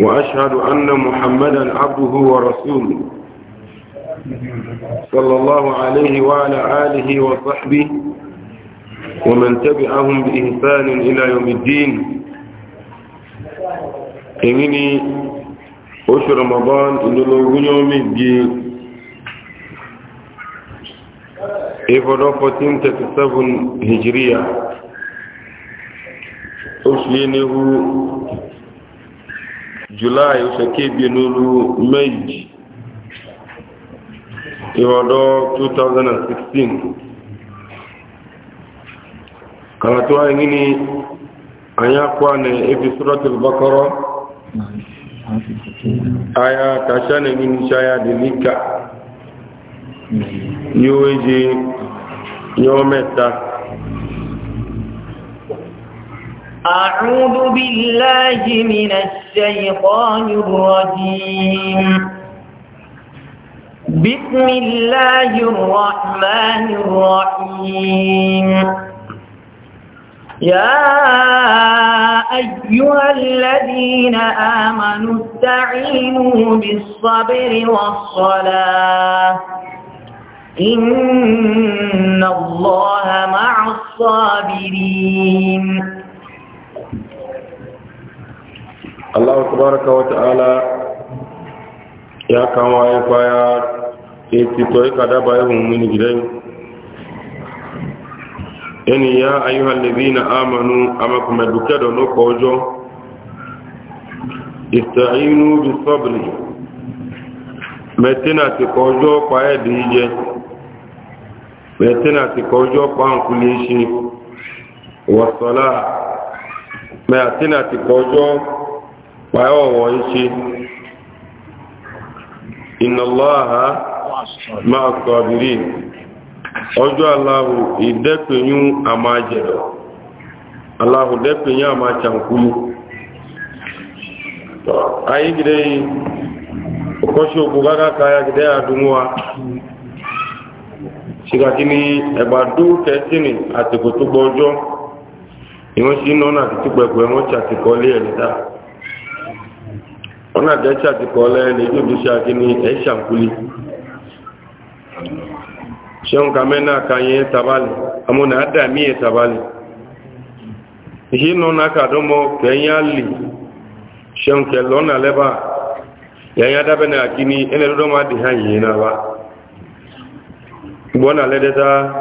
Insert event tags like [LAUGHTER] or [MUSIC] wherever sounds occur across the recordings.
وأشهد أن محمدا عبده ورسوله صلى الله عليه وعلى آله وصحبه ومن تبعهم بإنسان إلى يوم الدين إنني أشهر رمضان إن الله يوم الدين إفضل تتسفن هجرية أشهر july oṣù kébì lólu méjì ìwọ̀dọ́ 2016 karatu a yi ni an ya kwane efi suratul bakara aya tasha na yi ni shaya da nika yíó eje yíó mẹ́ta أعوذ بالله من الشيطان الرجيم بسم الله الرحمن الرحيم يا أيها الذين آمنوا استعينوا بالصبر والصلاة إن الله مع الصابرين Allah tabaraka wa ta'ala ya kama ya faya ya fito ya kada bayan mummuni gidan yani ya ayyuhal ladina amanu amma kuma duka da noko wajo ista'inu bi sabri metina ti kojo pa e dije metina ti kojo pa kulishi wa sala metina ti kojo ويوم يشي إن الله Ọjọ Alahu ọjọ́ aláhù ìdẹ́pẹ̀yún àmájẹ̀rẹ̀ aláhù dẹ́pẹ̀yún àmájàǹkúlù ayé gidẹ́ yìí ọkọ́ṣẹ́ òkú gágá káyà gidẹ́ àdúnwà ṣíkàkí ní ẹgbàdó kẹtìní àtìkò tó gbọ́ ìwọ́n sí náà àti túpẹ̀kù ẹ̀wọ́n ṣàtìkọ́lé ẹ̀lẹ́dá ona da cha ti ko le ni ju bi sha kini e shankuli shon na kanye tabali amuna ada tabali na ka domo kenya li shon ke lona leba ya ya da na le deta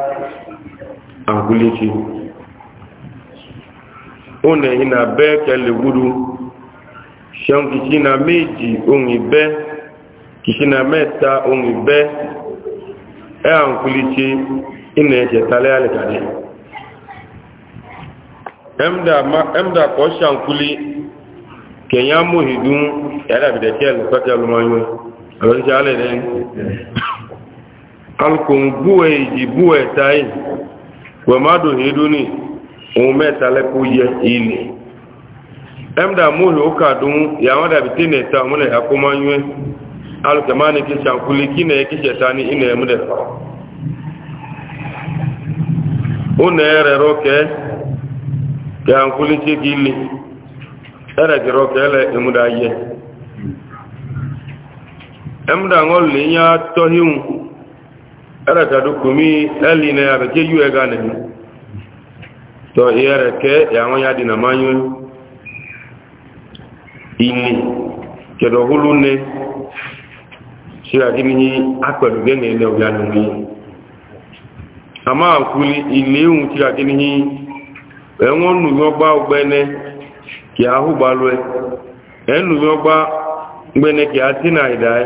anguli ti one be ṣeun kìsínà méjì ohun ìbẹ́ kìsínà mẹ́ta ohun ìbẹ́ ẹ à ń kuli tse ina ẹsẹ̀ talẹ́ alẹ́kàdé ẹ̀mdà kọ́ ṣeun kuli kẹ̀yìn amóhìdún ẹ̀dàbìdẹ̀ tí ẹ̀lú pẹ́kẹ́ ọlọ́mọyún àbẹ̀lẹ́sẹ̀ alẹ́ dẹ́ alukòun búwẹ̀ ìjì búwẹ̀ táyì wẹ̀ má dòhìdún ni ohun mẹ́ta lẹ́kọ̀ọ́ yẹ ilẹ̀. emda muhi uka dumu ya wada bitine ta mune ya kuma yue alu kemani kisha kuli kine kisha tani ine mude une ere roke ya kuli chigili ere giroke ele imuda ye emda ngoli ya tohiun ere tadukumi eli na abe ke yue gane to iyere ke ya wanya dina manyue ini kedo hulune si adini ni akpelu gene ile obianu ni ama kuli ile un ti adini ni ewon nu yo gba ogbene gba gbene ki atina idai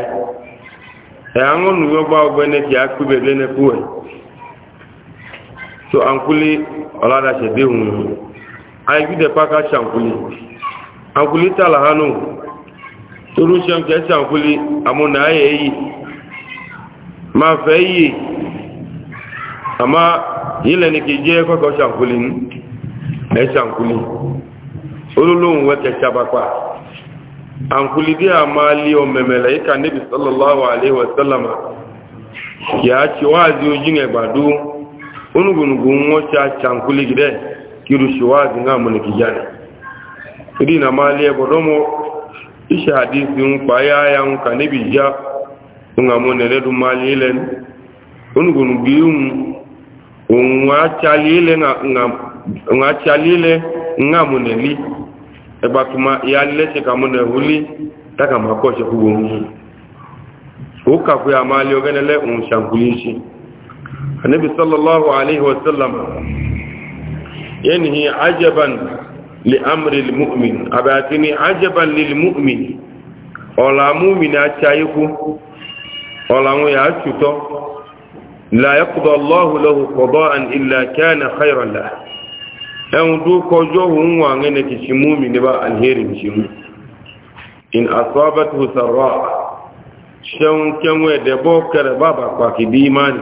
e awon nu yo gba kì ki akube lene kuwe so ankuli olada se dehun ayi gide ankuli tala ha nụ toro uche nke esi akwụli amụ na ya eyi ma fee iyi ama yile ni ke je ko ko shankuli ni e shankuli olulu nwe ke chabakwa ankuli di amali o memele ka nabi sallallahu alaihi wasallam ya ci wazi ujinge gbadu unugunugu nwo cha shankuli gide kiru shi wazi nga mun ki jani ri na mali ebodo mo ishe hadisi n kpaya ya nka nebi ya nga du mali ile onugun gbi un nga chali ile nga chali ile nga mo neli egba tuma ya lile se ka huli taka ma ko se o ka ya mali ogenele un shankuli لأمر المؤمن أباتني عجبا للمؤمن أولا مؤمن أتشايكو أولا مؤمن لا يقضى الله له قضاء إلا كان خيرا له أن دوكو جوه وانينك شمومي نباء الهير بشمو إن أصابته سراء شون كمو دبو كربابا قاكي بإيمان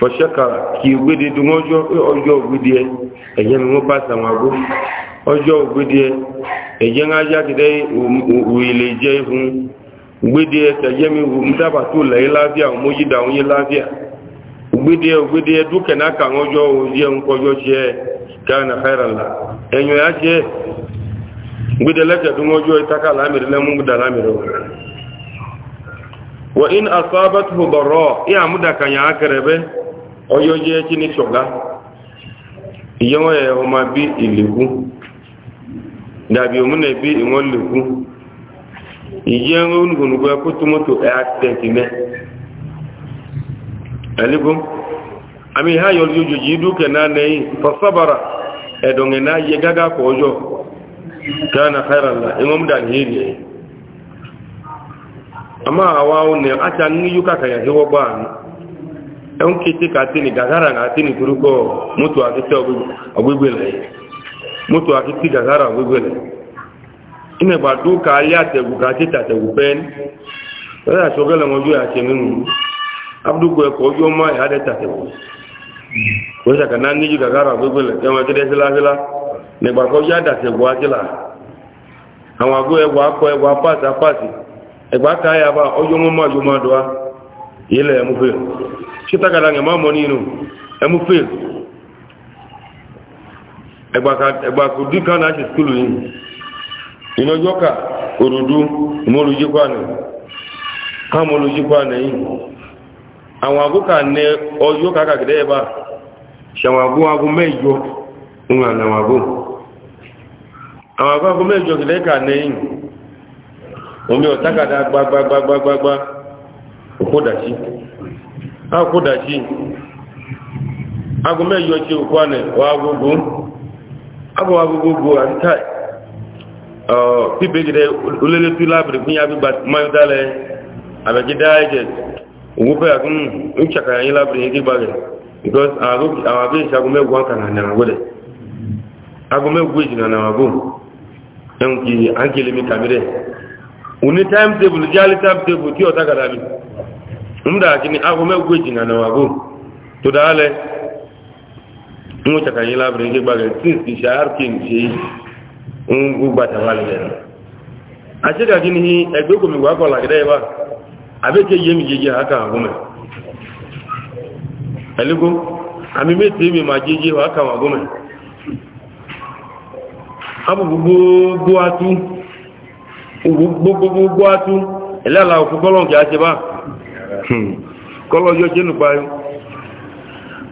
فشكر كي ودي دموجو أجو ودي أجمع مباسا مغو ọjọ́ ògbédìẹ ẹ̀jẹ̀ ń ajá kìdẹ́ òwìlè jẹ́ ihun ògbédìẹ tẹ̀jẹ́mi wò ń dábàá tó lẹ́yìn láfíà òmójì dàwọn yẹn láfíà ògbédìẹ ògbédìẹ dúkẹ̀ náà kà wọ́n jọ ṣe ẹ̀ na ògbédìẹ ìtaka wa je dàbí òmù náà bí ìwọ́n lè kú ìyẹ́ onígbònúgbò ẹkú tó mọ́tò ẹ àtẹ̀tì mẹ́ ẹ̀lẹ́gbọ́n àmì ìhá yọ lójú yìí náà nẹ́yìn fọ́sábàrà ẹ̀dọ̀ngẹ̀ náà yẹ gágá kọ̀ ọjọ́ kẹ́rànà kẹ́rànlá ìwọ́n múdà ní èrè ẹ̀ àmà ọ̀nà àti àná kété mọ́tò àti moto akipiga hara gwegwele imegba tó ka alẹ́ àtẹ̀gù ka tí tàtẹ̀gù pẹ́ ní lọ́dá àṣọgẹ́lẹ̀ wọn yóò àṣẹ nínú ẹ̀kọ́ ojú ọmọ ìhádẹ́ tàtẹ̀gù kò ṣàkà náà níjú kàkàrà gbégbélẹ̀ ẹwọn kéde síláṣílá nígbà kọ́ yá àwọn akọ ẹgbàkù dúkà náà ṣe skúlù yìí ìnàjọ́kà òrùdú mọ́lùjíkwà ká mọ́lùjíkwà yìí àwọn agúkà ní ọjọ́ kàkàkìdẹ́ ẹ̀bá ṣàwàgún agún mẹ́jọ ń ràn àwọn agún àwọn agún agún mẹ́jọ kìdẹ́ kà agún mẹ́jọ òkú wà agụwa agụgụ bụ antai pibegide olele tu labiri fún yabi gba mayo dalẹ abẹgide ayẹjẹ òun fẹ àkún ń ṣàkàyà yín labiri yín kígbà rẹ because àwọn abẹ́ ìṣàgùn mẹ́wàá kan náà nàwó rẹ agùn ŋun ta ka yi ke gbage sin si shahar ke a ka kini hi ɛgbɛ komi wa kɔ lagida yi wa a bɛ kɛ yie mi jeje ha kan gome ɛliko mi mi ma wa wa abu atu atu ba jenu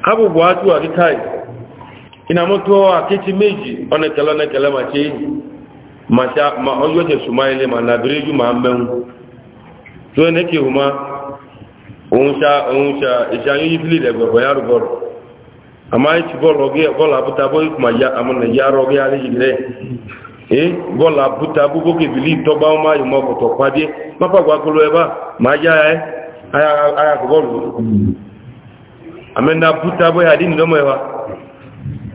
abu bu atu inamoto akiti meji onekele onekele mace macha ma oyo te suma ile ma nabireju ma mbeun to ne ki huma oncha oncha ijanyu ibili de gbo ya rugor ama ichi bol rogi bol abuta boy ma ya amon ya rogi ali bọọlụ eh bol abuta bu bili to ba ma yu mo to pade ma pa ma ya e aya aya ko bol amenda buta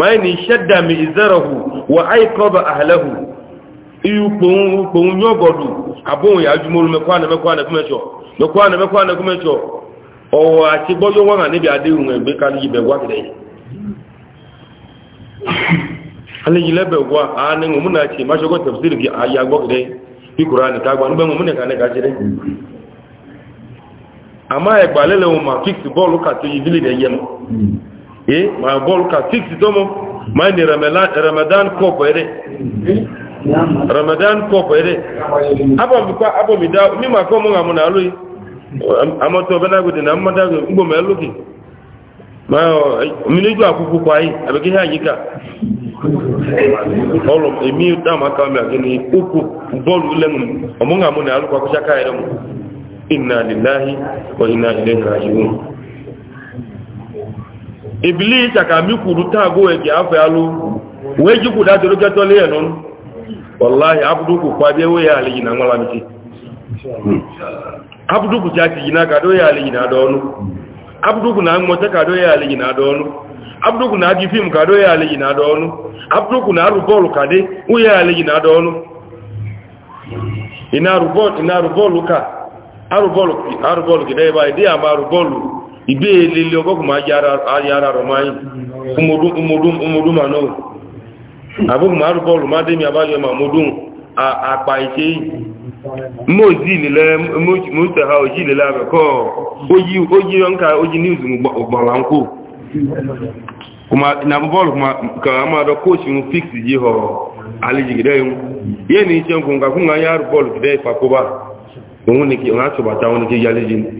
maị ní ṣẹ́dà mi ìzẹ́rọ̀hù wa áìkọ́bà àhàlẹ́hù iyu kpòun yọ́gọ̀dù àbóhùn ìyájúmọ́rú mẹ́kọ́ ọwọ́ àti gbọ́jọ́ wọ́n níbi àdéhùn ẹgbẹ́ ká níbi ẹgbẹ́ wákìlẹ̀ yìí alẹ́yìnlẹ́bẹ̀ wá àánẹ́ òmúnà àti ìmáṣọ́gọ́ bí e ma bol ka fix tomo ma ni ramadan ko ramadan ko pere e abo mi kwa abo mi da mi ma ko mo nga na lu amoto bena gudi na mmada ngbo me lu ki ma mi ni akuku yi abi ki ha yi ka ọrụ emi da ma ka mi uku bol mo na lu kwa kushaka ere mo inna lillahi wa inna ilaihi raji'un Ebili aka mi kwuru taa agụwe afọ alụ wee jikwuda dịrị ketọla ya nụnụ wallahi abudukwu ya alịghị na nwalamiti abudukwu ji achịghị na kado ya alịghị na na ya na ọnụ abudukwu na agị ka ya arụ ya alịghị na ọnụ na-arụ ka dị ya ma arụ bọọlụ ìgbé ilé ma ayé ara rọ̀ máa yìí ọmọdún ma náà àbúkùnmá arúbọ́ọ̀lù má dé mi àbáyọ ma mọ́dún àpà ìṣe mọ́tẹ̀ha òjì ilẹ̀ àbẹ̀kọ́ ojí ọǹkà ojí ní ìzùn ọgbàlá ń na bọ́ọ̀lù kàwà máa dọ kóòsì ń fíksì yìí họ alìjìgìdẹ́ yìí yẹ́ ni iṣẹ́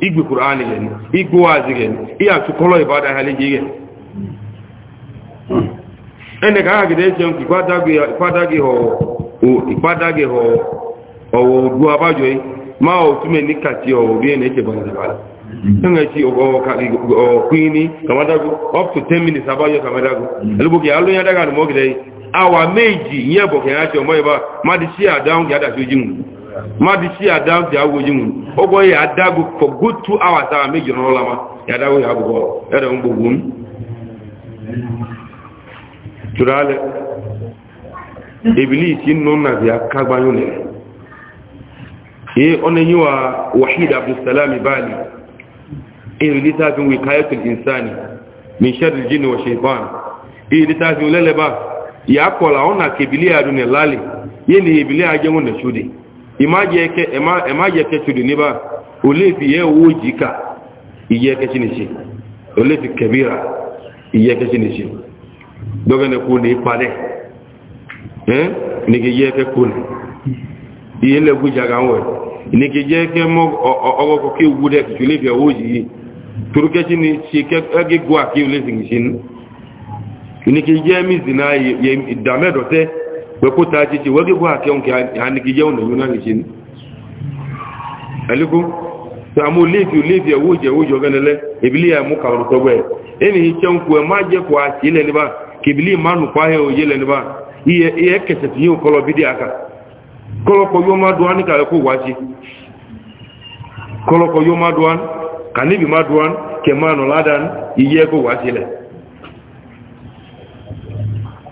igwe kur'ani gen igwe wazi gen iya tukolo ibada haliji gen ene ka agide eche nku ipadagi owo du abajo yi ma otu me ni kati o bi na eche banza bala nga ci ka o kwini kamadago up to 10 minutes abajo kamadago elubo ki alu yadaga no mogide awa meji nyebo ke acho moiba madi sia down mmadụ isi ya ada ji agwụ ji nwụrụ ụgwọ ya adagụ for good two hours ahụ mejọ n'ụlọ ma ya adagụ ya agwụgwọ ere mgbogbo m Jụrụ alị ebili isi nnụ nna ya ka gbanyụ nere ee ọ na-enye wa wahid abdulsalam bali ee littafin wikayatul insani min sharri jini wa shaitan ee littafin lalaba ya kọla ọ na kebili ya dune lali yene ebili ya jenwu na shude ìmá yẹ̀kẹ́ tùdù níbà o lè fi yẹ́ owó jìíkà ìyẹ́kẹ́ sí nìṣe o lè fi kẹ̀míra ìyẹ́kẹ́ sí nìṣe dọ́gẹ́nẹ̀ kú ní ìpalẹ̀ nìkẹ́ yẹ́kẹ́ kú ní iye lẹ́gbù jaga wọ̀ nìkẹ́ yẹ́kẹ́ mọ́ ọgọ́kọ́ kí wú dẹ́ kìtù lè fi owó yìí turukẹ́ sí ni ṣe kẹ́gẹ́gọ́ àkíyèlé sì nìṣe nìkẹ́ yẹ́ mí pẹ̀kúta títí wọ́n gígbó àkẹun kí àníkí jẹun lè yún náà lè ṣe ní ẹ̀lẹ́kún tí a mú léèfì léèfì ẹ̀wó ìjẹ̀wó ìjọ gẹ́nẹlẹ́ ìbílẹ̀ àmú kàwọ̀rọ̀tọ́gbọ̀ ẹ̀ ẹni ìṣẹ́un kú ẹ má jẹ́ kó iye kẹsẹ̀ tí yóò kọlọ bídí aka kọlọkọ yóò má duwan kà ẹkú wá sí kọlọkọ iye ẹkú wá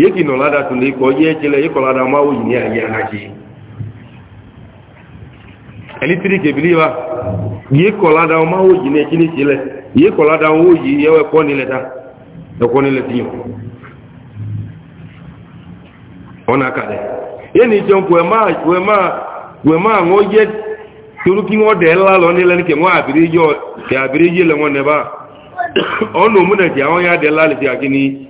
yeki nọ lada tun ikọ̀ yẹ́ ẹ̀kẹ́lẹ̀ ikọ̀ lada máa wòyìn ní ayé anájí ẹlítírìkì ìbílíwá yíkọ̀ lada máa wòyìn ní ẹ̀kíní sílẹ̀ yíkọ̀ lada wòyìn yẹ́ ẹ̀kọ́ nílẹ̀ ta ẹ̀kọ́ nílẹ̀ fi hàn ọ̀nà kalẹ̀ yẹ́ ní ìjọ pẹ̀ máa pẹ̀ máa pẹ̀ máa wọ́n yẹ́ torí kí ba dẹ̀ ńlá lọ nílẹ̀ ní kẹwọ́n la le lẹ́wọ́n akini.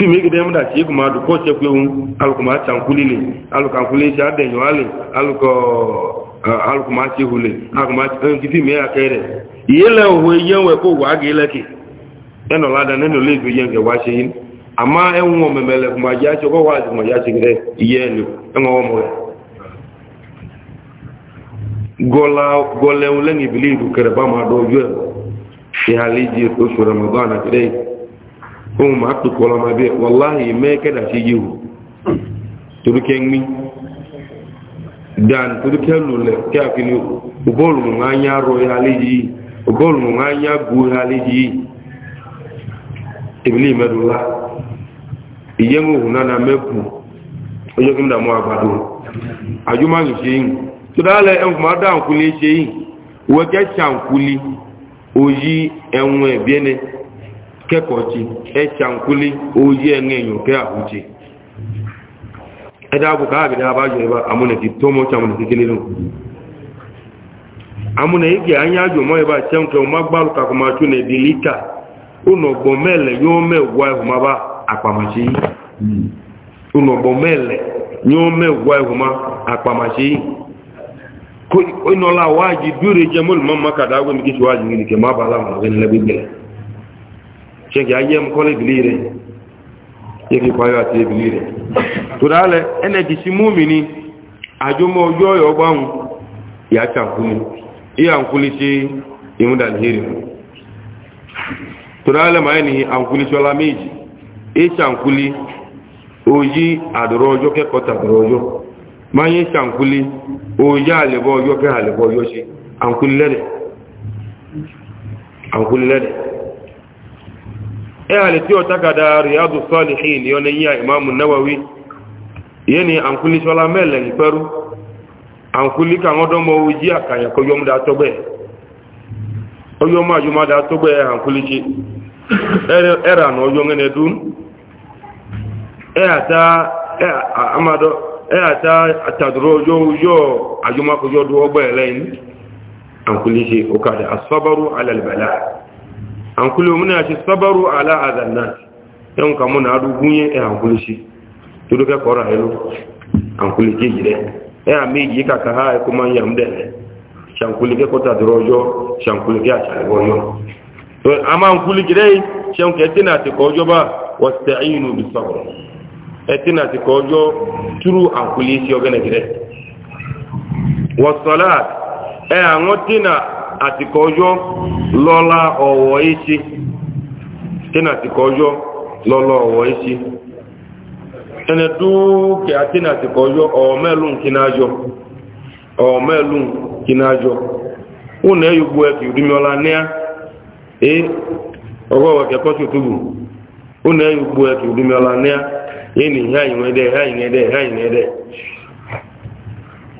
fíìmù ìgbé dẹ́mú dàtí ikú máa dùkọ́ ṣe pé ohun alùkù máa ṣàǹkúlì lè alùkù ṣe àdẹ̀yàn alè alùkù máa ṣe hulè alùkù ohun fíìmù ẹ̀yà kẹrẹ̀ ìyẹ́lẹ̀ òhun yẹ́wẹ̀ kó wà á gé lẹ́kì ẹnà ládàá nínú ilé ìgbé yẹn ya ya yín àmá ẹ̀hún ya mẹ̀mẹ̀lẹ̀ kò máa yá ṣe kọ́ wà á lẹ́yìn ìbílẹ̀ bá máa ẹ̀ ṣe oṣù àti ohun ma tukọlọ ma bẹ wàláhì mẹ́kẹ́dà sí yíò torúkẹ́ ń mí dan torúkẹ́ lulẹ̀ kí a fi ni bọ́ọ̀lù mọ̀ ń yá rọ ya lé yìí bọ́ọ̀lù mọ̀ ń yá ya lé yìí ìbílí mẹ́dùnlá ìyẹn ń hùn náà mẹ́kù ọjọ́ dààmú àgbàdo àjùmáyìn ṣe yìí tó dáálẹ̀ ẹ̀ ń fún ma àǹkulé ṣe yìí wọ́n kẹ́ ṣàǹkulé òyì kẹ́kọ̀ọ́tí ẹ̀ṣàǹkúlé oyí ẹ̀ngẹ̀ èèyàn kẹ́ àwùjẹ́ ẹ̀dá àbùkà àbìdá alụ ka àmúnẹ̀kì tó na tí àmúnẹ̀kì kékeré nù àmúnẹ̀kì anyájò mọ́ ẹ̀bá ṣẹ́ǹkẹ́ ọmọ gbárùkà kọmọ tó nẹ̀ di lítà ọ̀nàgbọ̀n mẹ́lẹ̀ yóò mẹ́wàá ẹ̀hùnmá bá àpàmàṣe cheki ayé mu kọ́lé ìbílí rẹ̀ yéki kwayo àti ìbílí rẹ̀ tòdálẹ̀ ẹnẹ̀kì sí múmi ni àjọmọ́ ojú ọ̀yọ́ ọgbáhùn nkuli sí ìmúdàlẹ́rì nkuli òyí àdúrọ̀ ọjọ́ kẹ́kọ̀ọ́ tàbí ọjọ́ máa nkuli òyí àlẹ́bọ̀ ọjọ́ kẹ́ àlẹ́bọ̀ ọjọ́ ṣe ànkuli lẹ́dẹ̀ ànkuli ehali tí ó takada riyadu salihin yọ ni yíya imamu nawawi yẹ ni àǹkúlí sọlá mẹ́lẹ̀ ń pẹ́rú àǹkúlí káwọn ọdọ́mọ owó jí àkàyàn kọ yọmọdá tọgbẹ́ ọyọmọ àjọmọdá tọgbẹ́ àǹkúlí ṣe ẹ̀rà ọkàdà asọ́bọ̀rú alẹ́lẹ́bẹ̀lẹ́ hankuli mun ya ce sabaru ala azannat yan ka mun adu gunye e hankuli shi to duka kora ayo hankuli ke gire e a mi yi ka ka ha ko man yam de shankuli ke kota drojo shankuli ke a cha goyo to ama hankuli gire shan ke tina ti kojo ba wasta'inu bis sabr e tina ti kojo turu hankuli si ogene gire was salat e a ngotina àtìkọjọ́ lọ́lá ọ̀wọ̀ ìṣe tẹ́nà àtìkọjọ́ lọ́lá ọ̀wọ̀ ìṣe ẹni dúkẹ́ àtẹ́nà àtìkọjọ́ ọ̀mẹ́lùn kínájọ́ ọ̀mẹ́lùn kínájọ́ ó nẹ́ yóò gbọ́ ẹ̀kì rímọ́lá ní ẹ́ ọgọ́ ọ̀kẹ́ kọ́sù túbù ó nẹ́ yóò gbọ́ ẹ̀kì rímọ́lá ní ẹ́ ní ìhẹ́ ìwẹ́dẹ́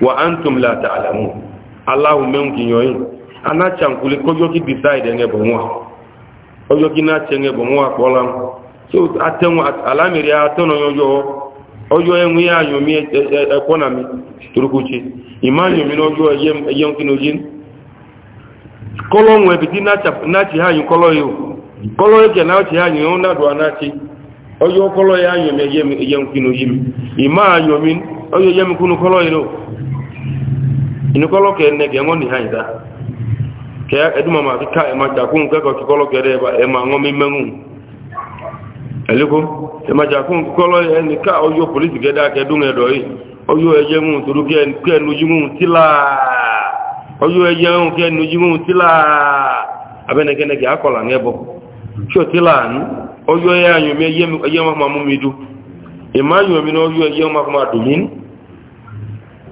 wa antum la ta'lamun allahu men ki ana chankuli ko ki decide nge bonwa o ki na chenge bonwa kolam so atenwa alamiri atono yoyo enwe ya yomi ekonami e, e, e, turukuchi imanyo mi no yo yem yem jin bi na cha na chi ha yin koloyo koloyo ke na chi ha yin ona do na chi oyo yem kunu kolo ino inu kolo ke ne ge ngoni haida ke eduma ma bi ka e ma ja kun ke ko ti kolo ge re ba e ma ngo mi mengu eliko e ma ja kun kolo e ni ka oyo police ge da ke du nge do yi oyo e je mu turu ke en ke nu ji mu ti la oyo e je mu ke nu ji mu ti la abene ke ne ge akola nge bo sho ti la ni oyo e anyu me yem e ma e ma mu mi du ima yomi na oyo yom akuma dumin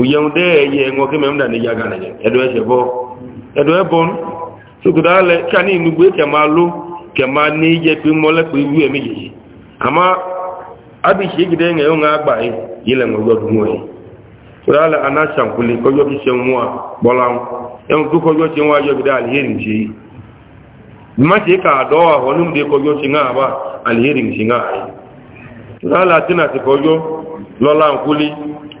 uyeŋ de eye ŋo ni mda ne edo ese bo edo e bon kani ke ma lu ke ma je pi mo le pe emi ama abi shi gide nge agba e, yi ile ŋo gbo du mo yi e. sukuda le bi se mu a bolan en du yo bi alheri nji ma se ka do wa ho nga ba alheri nji nga e.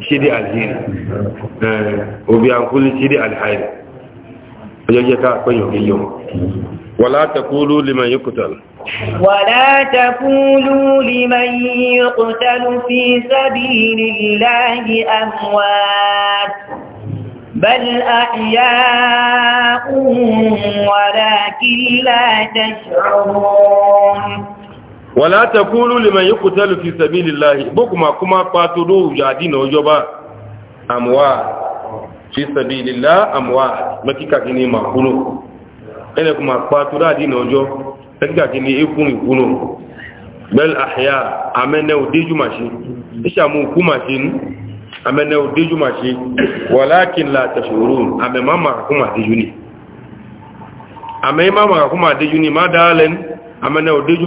shidi alheri obi ankuli shidi alheri ojoje ka kwenyo giyo wala taqulu liman yuqtal wala taqulu liman yuqtalu fi sabilillahi amwat bal ahya'un walakin la tash'urun wala takulu liman yuqtalu fi sabilillahi bukuma kuma kwato do jadi na ojo ba amwa fi sabilillah amwa makika kini makuno ene kuma kwato da di na ojo makika kini ikun ikuno bal ahya amene udiju mashi isha mu kuma shin amene udiju mashi walakin la tashurun ame mama kuma dijuni ame mama kuma dijuni madalen amene udiju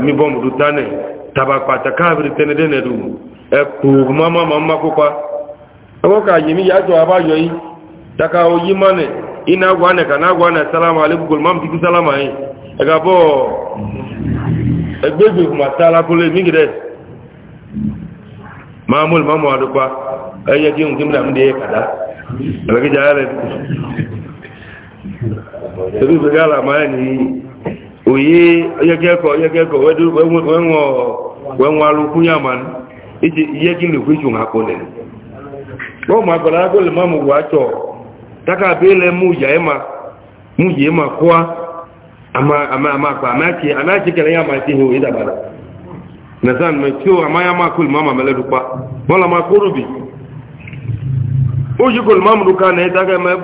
mi bɔm du tane tabakpa ta kaabiri tene de ne du ɛkuu mama mama kukwa ɛwɔ ka yimi ya jɔ aba b'a yɔ yi taka o yi ma ne i na gwa ne ka na gwa ne salama ale bugol mam tigi salama ye ɛ ka bɔ ɛgbɛgbɛ kuma taala kolo ye min kɛ dɛ maamul mamu adu kwa ɛyɛ ki nkiri na mi de ye ka da ɛlɛkija yɛrɛ de ebi bi ni. oyi yekeko yekeko wenwo wenwo alukunya man iji yekin le kwichu ngakone bo ma gola go le mamu wacho taka bele mu mu kwa ama ama ama kwa kele ya ma tihu ida bala me ama ya ma kul mama mele dupa bola ma kurubi mamu ne ma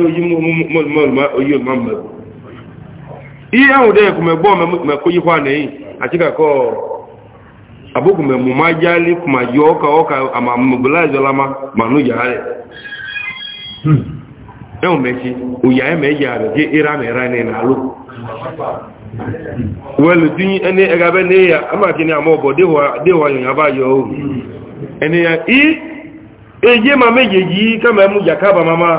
mu mu mu oyi mamu ihe ahụ dị ekwumegbo mekụ yikwa na eyi achịkakọ abụkwume mụma jali kuma yi ọka ọka ama mobilizela ma ma n'ụyarị emumechi ụyarị ma eji arị gị ịra na ịra na alụ welu tinye ene egabe na ya amaki na ama ọbọ dịwa yọnya yọ ohu ene ya i eje ma mejeji kama emu jakaba mama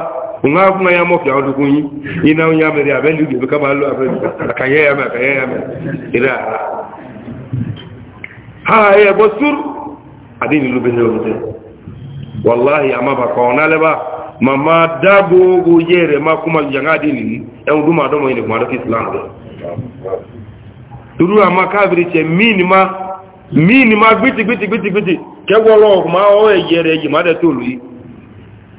nga kuma ya mo fya odugun yi ina nya mere abelu ge ka balu a ka ye ya ma ka ye ya ma ira ha ye bosur adini lu bene ote wallahi ama ba ko na leba mama dago go yere ma kuma yanga dini ni e uduma do mo ni kuma do islam de turu ama kabiri ma minima ma gbiti gbiti gbiti gbiti ke wolo ma o yere yi ma de tolu yi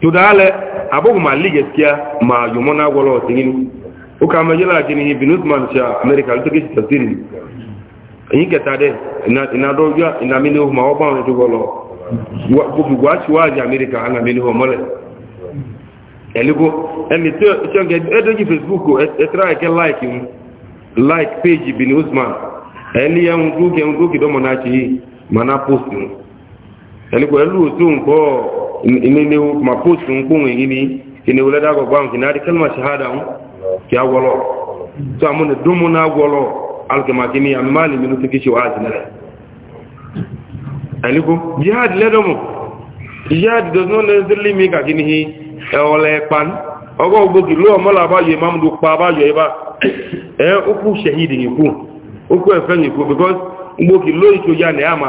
tudale abụghị ma ligi gaskiya ma yomo na gwara o ụka mejela gini ibn usman sha america lutoke shi tafsiri yi keta de ina dojo na mini ma ọ gbanwe ti gwọlọ gbogbo ashi waji america ana mini mole emi like like page mana post ẹnikọ ẹlú òtú nǹkọ ìníníwó ma póòtù nkóhùn èyí ni ìníwó lẹ́dàgọ̀ gbáhùn kì ní adé kẹlùmọ̀ ṣahádà ń kí a wọlọ tó àmúni dúnmú náà wọlọ alùkẹmàkì ni àmì máàlì nínú na ya ṣe wáàzì jihad jihad does not necessarily e, pan ògbógi ló pa because ògbógi ló àmà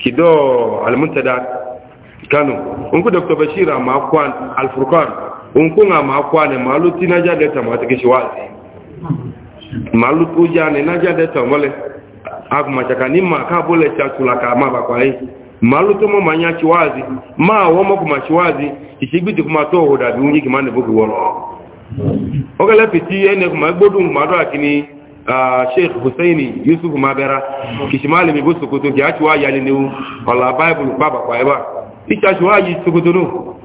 kido almuntada kano unku dr bashira ma kwan alfurqan unku nga ma kwan maluti na jade ta ma take shiwazi malutu jane na jade ta mole agma chaka ni ma ka bole cha tula ka ma ba kwai malutu mo manya chiwazi ma wo mo kuma chiwazi isigbiti e kuma to hoda dunyi kimane buku woro ogala piti ene kuma gbodun ma do akini Ah, sheikh husaini yusuf mabera kishimali mibu sokoto ki achuwa yali niu ola bible baba kwa ewa isha chuwa yi sokoto no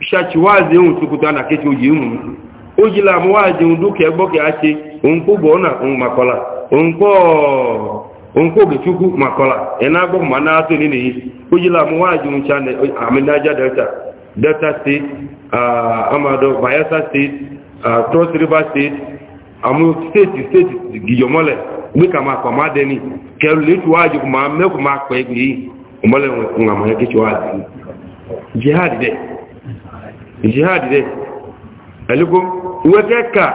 isha chuwa ze un sokoto na kechi uji umu uji la mwa je undu ke gbo ke achi unku bona un makola unko unko ge chuku makola ena gbo mana to ni ni uji la mwa je un chane aminaja delta delta state uh, ah, amado bayelsa state uh, cross river state àmú stéètì stéètì gìyọmọ́lẹ̀ gbé kà máa pàmò àdẹni kẹrù létí wá jù máa mẹ́kù máa pẹ́ gbé ọmọlẹ̀ ohun àmọ́ ẹgbẹ́ tí wá dìní jihadi dẹ̀ jihadi dẹ̀ ẹ̀lúkọ́ ìwé kẹ́kà ka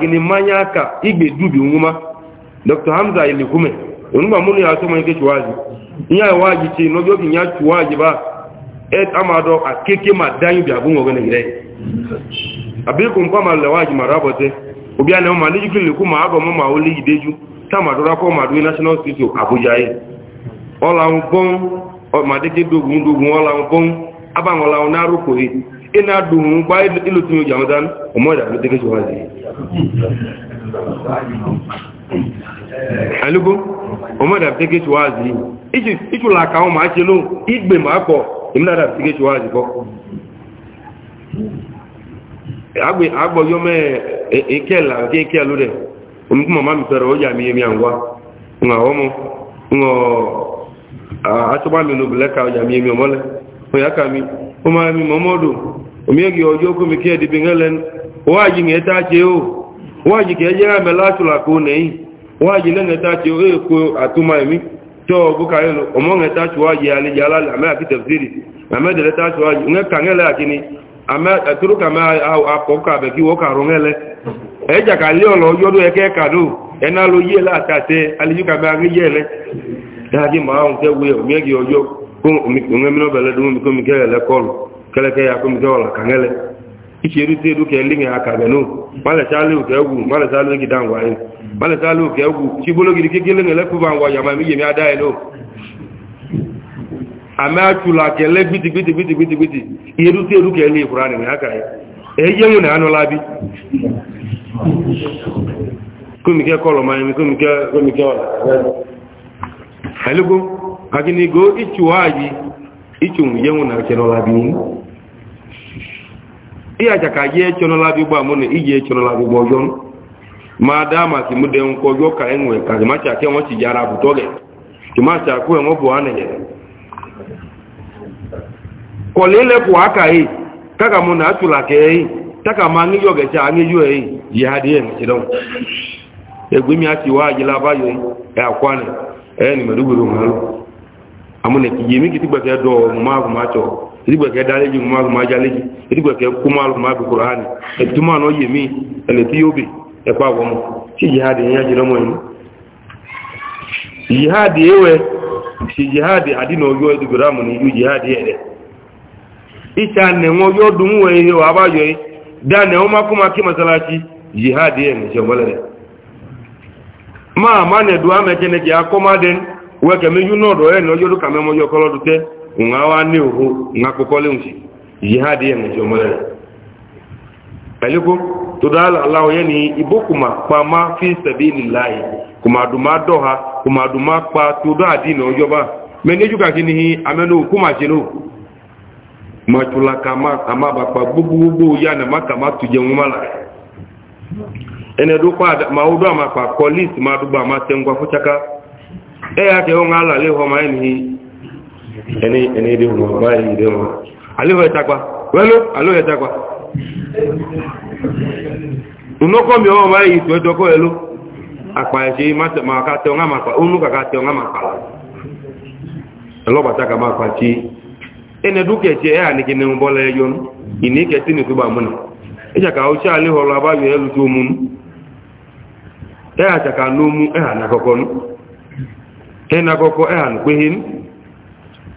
gini aka igbe dr hamza ilikume ba. amado akeke ma danyu bi agun ogo nigire abi ma lewa ji mara bote obi ana ma ni jikun leku ma ago ma eh. o le ideju ta ma dora ko ma do national studio abuja yi ola un bon o ma de gedo gun do gun ola un bon aba ko ina du un ilu ti o mo da de alugo o mo da de la ka o ma igbe ma ko ìmúnadà tí kéṣù wáyé kọ́ agbọ̀yọ́ mẹ́ ẹ̀kẹ́lá kí ẹ̀kẹ́ ló rẹ̀ omikú màmá mi fẹ́rẹ̀ ó yà mí èmi àǹwá ńà ọmọ ńà àtúbà mi ló bìlẹ́ka ó yà mí èmi ọmọlẹ̀ ó yà kà mí ó máa mi mọ́mọ́dù omi ẹ̀gì ọjọ́ kó mi kí ẹ̀dì bí ńlẹ́nu wáyé ń ẹ̀ta ṣe ó wáyé kẹ́ yẹ́ra mẹ́ látùlà kó nẹ́yìn wáyé lẹ́nu ẹ̀ta ṣe ó èkó àtúmọ̀ ẹ̀mí tó búkà yìí ọmọ ń ta ṣùwá yẹ alẹ́ yẹ alẹ́ àmẹ́ àti tẹ̀síìrì àmẹ́ dẹ̀lẹ́ ta ṣùwá yìí ń kà ń àti ni àmẹ́ ẹ̀tọ́rọ̀ kà máa akọ̀ kà bẹ̀ kí wọ́n kà rún ẹlẹ́ ẹ̀jà kà lé ọ̀lọ́ yọ́dún ẹ̀kẹ́ kàdó ẹ̀nà ló yé látàtẹ́ alẹ́ yìí kà máa rí yẹ ẹlẹ́ dáadé màá ń tẹ́ icherite elu ka eli ya aka benu malịchala oke egwu malịchala ogide ngwa ya malịchala gidi kekele na elekwuba ya ma m ihe mi ada elu amachụla kele gbiti gbiti gbiti gbiti biti irute eru ka eli kwuru aka ya eje na bi komike kọlọ manya komike komike ọla elugo ka gị na igo ịchụ na ịyacha ka ji echọrọla abịgba mụ na iji echọrọla abịgba ọjọ ma daa ma ki m dee nkwọ jọ ka e nwee ka a aka enwe chi jara abụtọ gị enwe bụ a na-enyere kọla aka yi kaka mụ na atụla ka eyi taka ma anyị e, ji ha dị emechidọ egwemi achiwa ajila abayọ ya akwa e, na ya e, ni amụ emi ma irigbe dare ji ma ma jale ji irigbe ke kuma al ma bi qur'an e tuma no yemi ele ti yobi e pa wo mo ti jihad ya ewe ti jihad adi no yo edu gramu ni ju jihad ere isa ne mo yo wa ba yo da ne o ma kuma ni je ma ma ne duwa me je ne ki akoma den we e, kamemo yo kolodu te nga wa ne ho nga kokole nshi jihadi ya nchi omole kaliko tudala allah yani ibokuma kwa ma fi sabilillah kuma duma doha kuma duma kwa tudo adini ojoba meneju ka kini hi amenu kuma jelo matula kama ama ba kwa gbugbu ya na maka matuje nwumala ene do kwa ma udo ma kwa police ma dugba ma tengwa fuchaka e ya ke o nga la le ho ma ni ẹni ẹni ìdí wọn bá ìdí wọn àlehò ẹ̀ta pa wẹ́lú àlehò ẹ̀ta pa unọ́kọ́ mi ọmọ báyìí tó ẹjọ́kọ́ ẹ̀ ló àpà ẹ̀ṣẹ́ ka ká tẹ ọ̀nà màpà ó nú kàkà tẹ ọ̀nà màpà ẹlọ́bàtà kà máa pàṣẹ ẹnẹ dúkẹ̀ẹ́ṣẹ́ ẹ̀ àníkẹ́ni ń bọ́lẹ̀ ẹyọ ìní kẹtí ní tó bá múnà ẹ̀ṣàkà ọṣẹ́ àlehò ọ̀rọ̀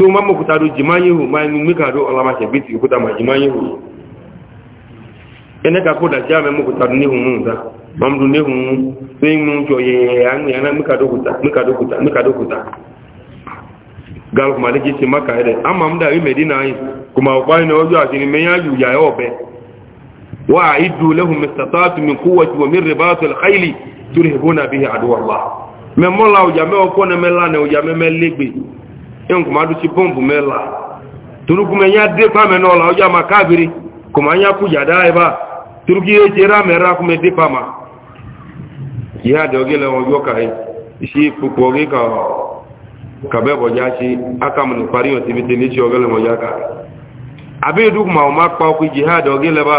so ma mo kuta do jima yehu ma mi mi ka do ala ma ke biti kuta ma jima yehu ene ka ko da ja me mo kuta do ni hun da mam do ne hun so yin mu jo ye an ya na mi ka do kuta mi do kuta gal kuma le ji maka ede ama mda wi medina yi kuma o kwani o asini me ju ya yo wa aidu lahum istata'tu min quwwati wa min ribat al-khayl turhibuna bihi adu Allah me mo o ja o ko me la ne o ja me legbe e n máa dùn sí bọ́ǹbù mẹ́la torúkú mẹ́ yá dé pàmẹ́ náà la ọjọ́ àmà ka kàbẹ́ bọ̀já sí akamùnì parí ọ̀sẹ̀ fi tẹ̀lé sí ọgẹ́ lẹ́wọ̀n yá kàí ma pa ọkọ̀ jihá àdọ́gẹ́ lẹ́bà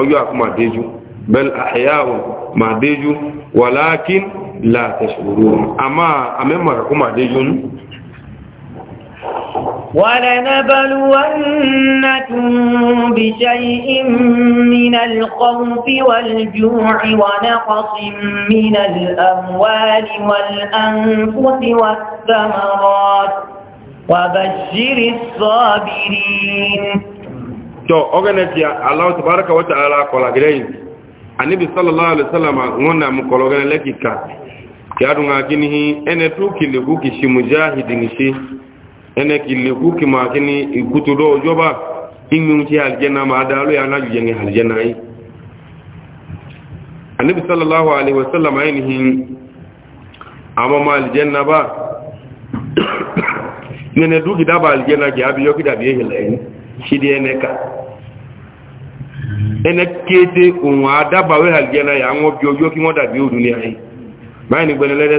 ọjọ́ àkúmà déjú bẹ́ẹ̀ àyàwó máa déjú wàlákín láàtẹ̀ṣòro ولنبلونكم بشيء من الخوف والجوع ونقص من الأموال والأنفس والثمرات وبشر الصابرين to oganati Allah tabaraka wa ta'ala kola gidayin annabi sallallahu alaihi wasallam ngona mu kola gane lekika ki adunga kinihi ene tu kinde kishi mujahidin shi ene kiliku kima kini ikutu do joba ingun ti aljanna ma dalu ya naju jeni aljanna yi annabi sallallahu alaihi wasallam ainihin amma ma aljanna ba [COUGHS] ne ne duki da ba aljanna ki abi yoki da biye hilayin shi da ene ka ene kete unwa da ba we aljanna ya ngo bi ki mo da biye duniya yi mai ni gbele leda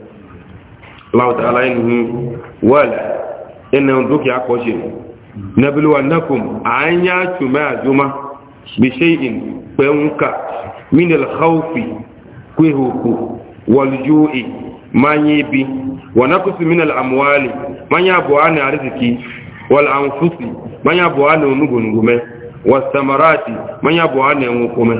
Allah ta'ala yin wala inna duki akoshi nablu annakum anya tuma juma bi shay'in banka min al-khawf kuhuku wal ju'i manyibi wa naqs min al-amwali manya buana arziki wal anfusi manya buana unugungume was samarati manya buana ngukume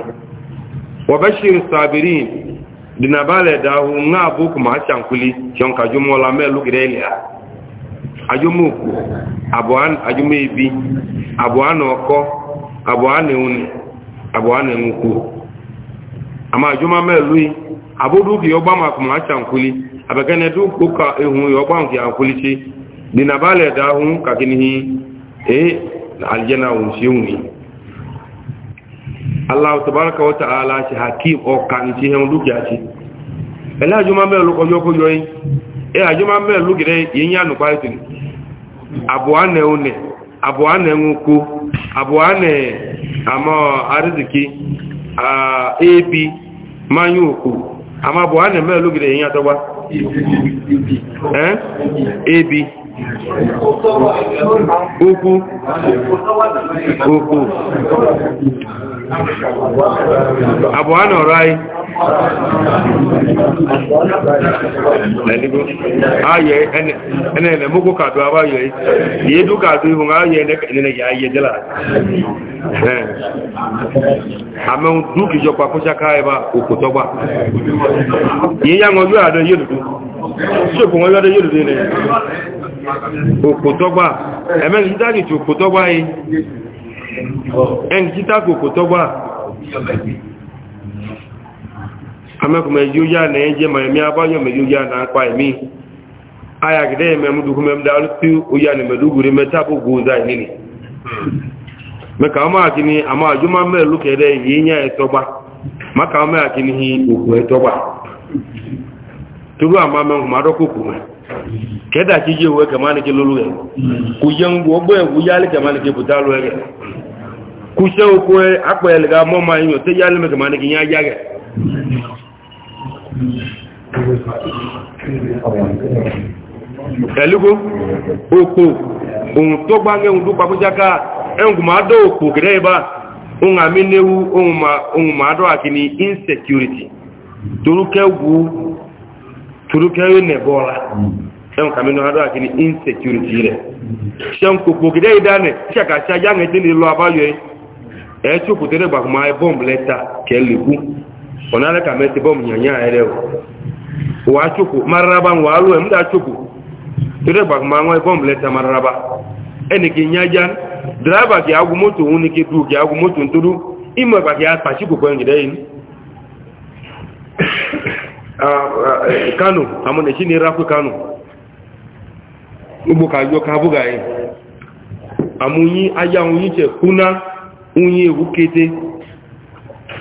wa bashir sabirin dinabale dahu nga boku ma chankuli chonka jumo la melu girelia ajumu ku abuan ajumu ibi abuan oko abuan uni abuan nguku ama ajuma melu abudu ki yoba ma ku ma chankuli abakene du kuka ehun yoba nki ankuli chi dinabale dahu kakinihi e aljana unsiuni Allah tabaraka wa ta'ala shi hakim o kan ti hen dukiya ci ela ajuma me lu ko yo ko yoyi e ajuma me lu gire yin ya nu kwai tin abu ane une abu ane nku abu ane arziki a ebi manyu ku ama abu ane me lu gire yin àbọ̀ á nọ̀rọ̀ ayé ẹnẹ ẹnẹ mọ́kó kàdó àwáyẹ ìyé tó kàdó ihun ayẹ ẹnẹ ayẹ jẹ́lá àmẹ́hun dúkì jọ pàkúnṣáká ẹba òkòtọ́gbà ìyé yá wọn yóò dáàdì tí yìí ẹni títà kòkò tọ́gbà amẹ́kùnmẹ̀ yóò yá náà jẹ́ màmí abáyọ̀mẹ̀ yóò yá náà pa ẹ̀mí ayàgídẹ́ ẹ̀mẹ́ múdùkú na tí ó yá ní mẹ́lúgùrí mẹ́tàbó gòzà ìníni mẹ́ka ọmọ àkíní elu àjọmá mẹ́lú kẹ́dẹ́ yíyá ẹ̀tọ́gbà maka ọmọ àkíní òkú ẹ̀tọ́gbà torú àmọ́ mẹ́kùnmọ́ adọ́kòkù keda ti yi owó kamani ki lulu ẹ yengu ogbo e ku yali kamani ki butalu ege ku se oku e apele ga ma yin te yali me ya ki nya jage elugo opo ohun ohun ba ohun ami newu akini turukewe a bola ɗan mm. kamin na haɗuwa kini insecurity ne shan kogbo gida ida ne isha ka sha yan ẹjẹ nílò abáyọ ẹ e. ẹ e tí ó kò tẹ́lẹ̀ gbàgbọ́ máa bọ́m lẹ́ta kẹlẹ̀kú ọ̀nà alẹ́ka mẹ́tí bọ́m yànyà ẹ̀rẹ́ o wà tsoko mararaba wà e, mararaba dza agu ni Ah, eh, kano àmọ́ nẹ̀ sí ní rákù kano gbogbo kàjọ kàbúgà yìí àmúyí ayá oyin tẹ̀ kúná oyin ewu kété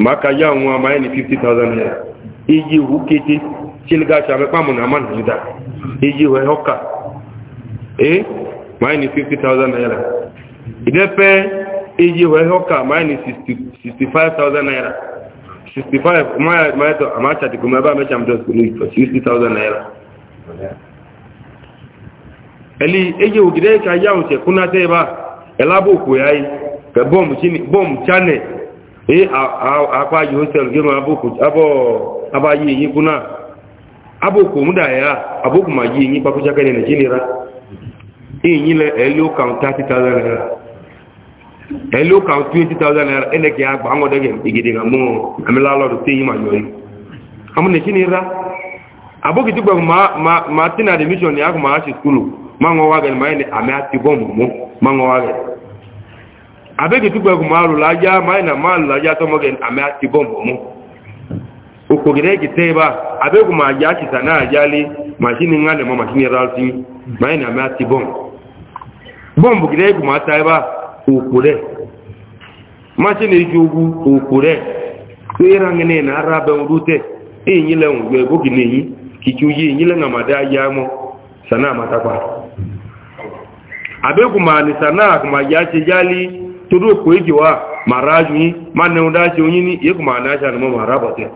ma ka yá àwọn àmáyé ní 50,000 naira iji ewu kete tí ga gáṣà mẹ́pàmù náà máa nìyí dá iye ewu ẹ̀họ́kà eh máyé ní 50,000 naira ìdẹ́fẹ́ iye ewu ẹ̀họ́kà máyé ní 65,000 naira 65 kuma ma yato a mata ta kuma ba mace amtas kudi 60,000 naira eli ege ogide ka ya wuce kuna ta ba elabo ko yayi ka bom shine bom chane eh a kwa yi hotel gino aboku abo abayi yi kuna aboku muda ya aboku ma yi yi kwa kuja kane ne jinira yin e, yi e, ẹlò kan twenty thousand naira ẹnẹ kì í agba àwọn ọdẹ ìgèdè kan mú un àmì lálọ́ọ̀dù tí yìí máa yọ yìí àmúnẹ kí ni ra àbókìtì gbọ̀ngàn máa máa tí náà admission ni a kò máa ṣe skulu máa ń wọ́n wá gẹ̀ máa ní àmì àti bọ́ọ̀mù mú máa ń wọ́n wá gẹ̀ àbókìtì gbọ̀ngàn máa lò lájá máa ń máa lò lájá tọ́mọ gẹ̀ àmì àti bọ́ọ̀mù mú òkòkìtẹ́ kì kì tẹ́ bá okure machi na eji ugwu okure era ngene na ara be rute enyile ngwe go gi neyi kichi uye enyile na mada ya mo sana matakwa abeku mani sana kuma ya che jali turu ko eji wa maraju ni manne unda che onyi ni ye kuma na cha no maraba te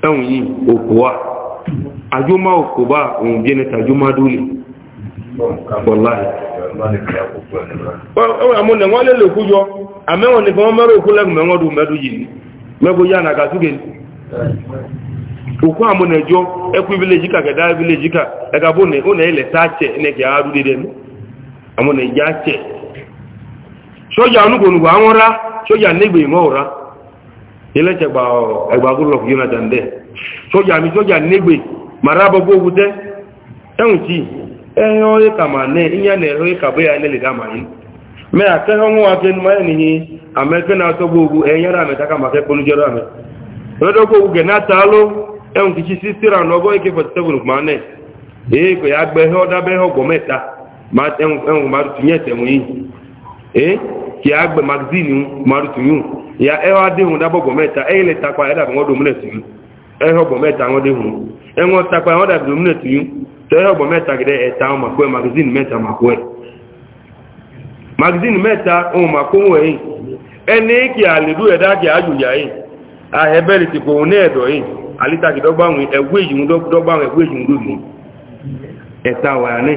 tan yi okuwa ajuma okuba on bene tajuma duli wallahi onwere amụna nwa lele okwu jọ amenwe na ife mere okwu legụ menwe ọdụ mmerụ yi mebụ ya na gasụ gị okwu amụna ejo ekwu vileji ka gada ọ ka egabụ na ụna eleta che neke ha rụdide egbe ụra egbe ehe onye ka ma na ihe na-ehe onye ka bụ ya nelida ma yi mee aka ihe ọnwụ nwa mmanya na ihe ameke na-atọgbu ogwu enyere ameta ka maka ekpolu jere ame redogbu ogwu ga na-atalụ enwukichi sistira na ọgọ ike 47 ma na ee ko ya gba ihe ihe ma e e ma tinye ee e ya gba magazin ma ya ehe adịghị ehe ya ẹ̀wọ̀n ọ ẹ̀wọ̀n dàbí domínà tì yún tẹ́lẹ̀ ọgbọ̀n mẹ́ta gẹ́gẹ́ ẹ̀ta ọmọ akọ́ ẹ̀ magazine mẹ́ta ọmọ akọ́ ẹ̀ magazine mẹ́ta ọmọ akọ́ ẹ̀yìn ẹni kì àlèdú ẹ̀dá kì àjòyà yìí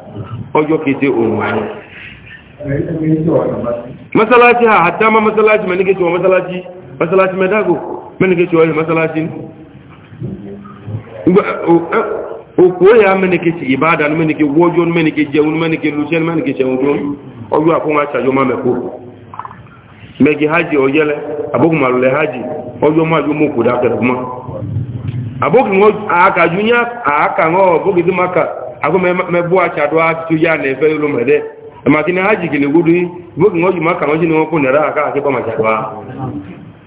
ọjọ́ kété òun àánú masalaci ha hatta ma masalaci mai nake cewa masalaci masalaci mai dago mai nake cewa ne masalaci okwo ya mai nake ci ibada ma nake wojo mai nake jeun mai nake lucien mai nake seun gun ọjọ́ akun wa ṣajo ma mẹ́kọ́ mẹ́gi hajji ọjẹ́lẹ̀ abokumalulẹ̀ hajji ọjọ́ ma yóò mú kò dákẹ̀rẹ̀ kuma abokin aka junior aka ń ọ bókìtì maka agụ mebụ achado atụtụ ya na efe ilu mede maka na ha ji gele gwuru boge nwe ji maka nweji na nwekwu nere aka aka ịba machado ahụ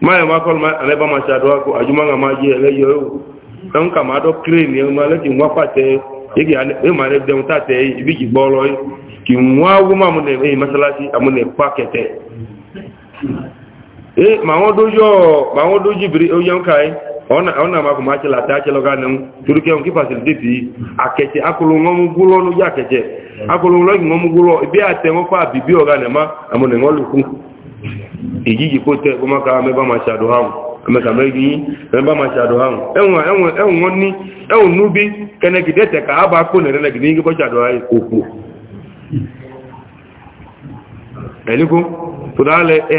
maya makọl aleba machado akụ ajụmanya ma ji ele e e e, ya owu ma kà máa dọ́ ibi jìgbọ́ lọ kì wọ́n á wọ́n máa múnẹ̀ ẹ̀yìn mọ́sálásí àmúnẹ̀ pa kẹtẹ́. ẹ ona ma ko ma ci la ta ci lo ga turu ke on ki facility akete akulu ngom gulo ya akulu lo ngom gulo bi ate mo fa bi bi o ganama amone ngolu ku ijiji ko te ko maka me ba ma shadu ham me ka me gi me ba ma shadu ham enwa enwa enwa ni enwa nubi kene gi dete ka aba ko ne gi ko ai ku eliko tudale e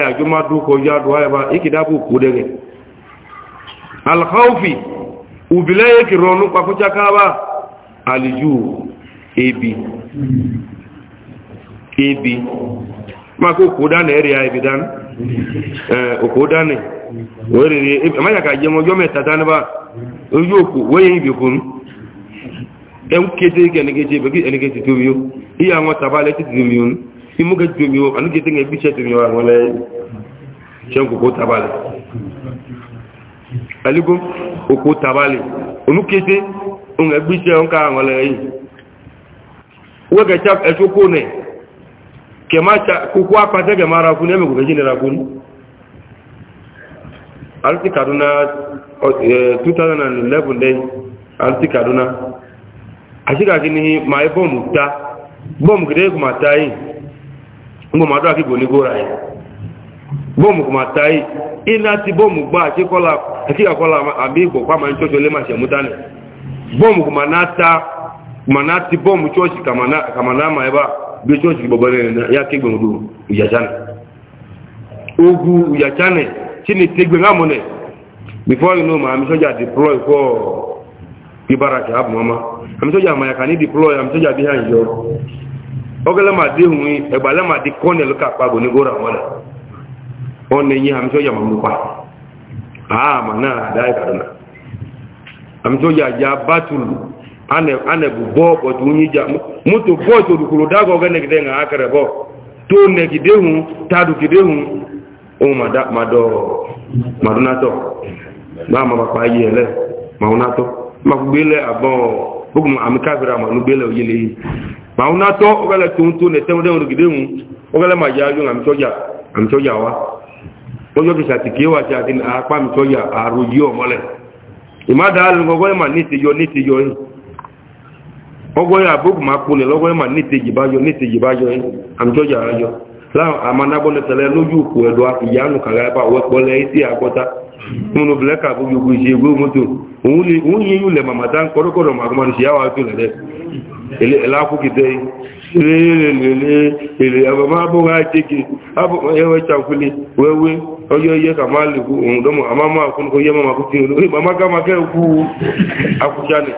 ko ya ai ba alkhawfi ubile yake ronu kwa kucha kaba aliju ebi ebi mako koda na ere ya ebi dan eh okoda ne were ebi ma yaka je mojo meta dan ba oju oku weye ibi kun en kete ke ne keje be ke ne keje to yo iya won tabale ti ti mi un imu ke ti mi o anu ke te nge bi che ti mi wa won chen ko ko tabale aligo oko tabali onukete onga gbise onka ngole yi wega chap echoko ne kema cha kukwa pate ke mara kun eme kubeji ne rakun alti kaduna 2011 day alti kaduna ashika kini ma ebo muta bom gide kuma tai ngo madwa ki goni gora yi bom kuma tai ina ti bọ́ọ̀mù gbá àkíkọ̀kọ́lá àbí ìgbọ̀pá ma ń chọ́chọ́ lé máa ṣẹ̀mútánì bọ́ọ̀mù kùmà náà ti bọ́ọ̀mù chọ́ọ̀ṣì kàmà náà ma ẹbá bí chọ́ọ̀ṣì gbogbo rẹ̀ ya kégbẹ̀rún odò ìyàchánì ogu ìyàchánì tí ni tẹgbẹ̀ rámùnẹ̀ before you know ma àmì deploy fọ́ ibara kì ábùn ma deploy kọ́nẹ̀lú ní onne yi hamso ya mamukwa ah mana dai karuna hamso ya ja batul ane ane bu bo ko tunyi ja mutu bo to dukuru dago ga ne gidenga akare bo to ne gidehu tadu gidehu o mada mado maduna to ba ma ba payi ele mauna to ma gbele abo bugu am kafira ma nu gbele oyele mauna to o gele tuntu ne temo de gidehu o gele ma ja yo ngam soja am soja wa lọ́jọ́ kìí ṣàtìkéwà ṣe àti apá mi tọ́yà àròyí ọ̀mọ́lẹ̀ ìmádà alùgbọ́gbọ́ ìmà nítejọ nítejọ yìí ọgbọ́ yà àbúkù máa kúnlẹ̀ lọ́gbọ́ ìmà nítejì bá yọ nítejì bá yọ yìí àmì tọ́jà ayọ láwọn àmànàbọ́lẹ̀ tẹ̀lé lójú òkú ẹ̀dọ́ ìyánu kàgáyàbá wẹ́pọ̀lẹ̀ etí àgbọ́ta múnú bìlẹ́kà gbogbo ìṣe ìgbó mọ́tò òun yíyún lẹ̀ màmá tá ń lelelele ele àbàmà abụghị ajịgị abụkpa ewechawụli wee wee onye onye ka ma lụgbu omudọmụ amama akwụnụkwụ ihe mama akwụkwụ olu oyi mama a ka ekwu akwụchani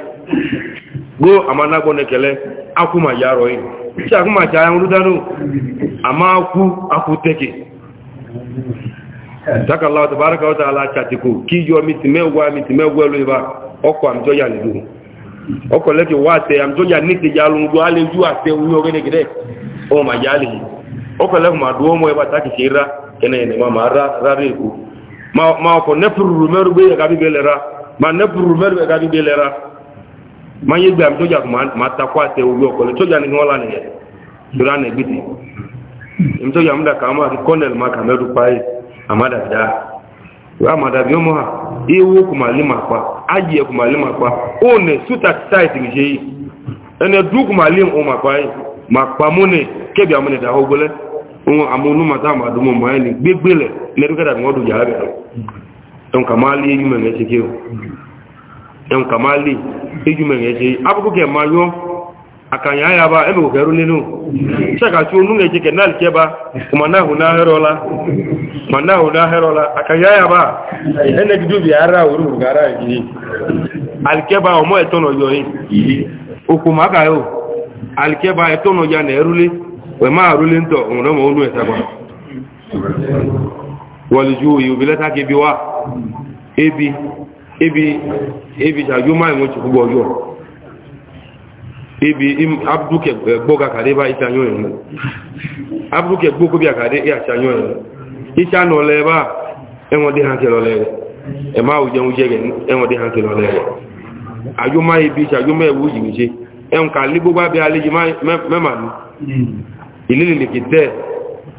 ma ya ma ya ọkwa ọkọ̀ lẹ́kẹ̀ wá àtẹ àmìtọ́jà ní ìtẹ̀jà alóńgbò alẹ́jú àtẹ oyún ọgẹ́dẹ́gẹ́dẹ́ ọmọ màjá lè ọkọ̀ lẹ́kùn máa dúró mọ́ ẹbá táàkì ṣe rá Ma ẹ̀nẹ̀ máa máa rárá èkó ma ọkọ̀ nẹ́pùrù mẹ́rù gbé ẹ̀ka bíbẹ̀ lẹ́ra ma nẹ́pùrù mẹ́rù ẹ̀ka bíbẹ̀ lẹ́ra ma yé gbé àmìtọ́jà kò máa takọ́ àtẹ oyún ọkọ̀ lẹ́tọ́jà ni wọ́n lánìyẹn dúró àná ẹgbẹ́ àmìtọ́jà mú ewu kumalimapa ajiye kumalimapa one suta site ni jeyi ene du kumalim o mapa yi mapa mune kebi amune da hogbole ohun amunu mata amadumu ma ni gbegbele lẹ́dúkẹ́dà ni wọ́n dùn yàrá rẹ̀ ẹn kà máa lé ejúmẹ̀rẹ̀ ṣe kí o ẹn kà máa lé ejúmẹ̀rẹ̀ ṣe abúkú kẹ máa yọ́ akanya aya ba ebe ninu chaka chu ngeje na hu na herola kuma na hu na herola akanya ya ba ene gidu bi ara uru gara yi alkeba omo etono yo yi ma ka yo alkeba etono ya na erule we ma arule nto ono mo onu eta ba wal juyu leta ke biwa ebi ebi ebi ja ibi abduke gboga kare ba isa yo yin abduke gboko bi akade ya cha yo yin isa no le ba enwo di han ke lo le e ma o je un je ge enwo di han ke lo le ayo ma ibi cha yo me ji yi je en ka li gbogba bi ale ma me ma ni hmm. ilele le kite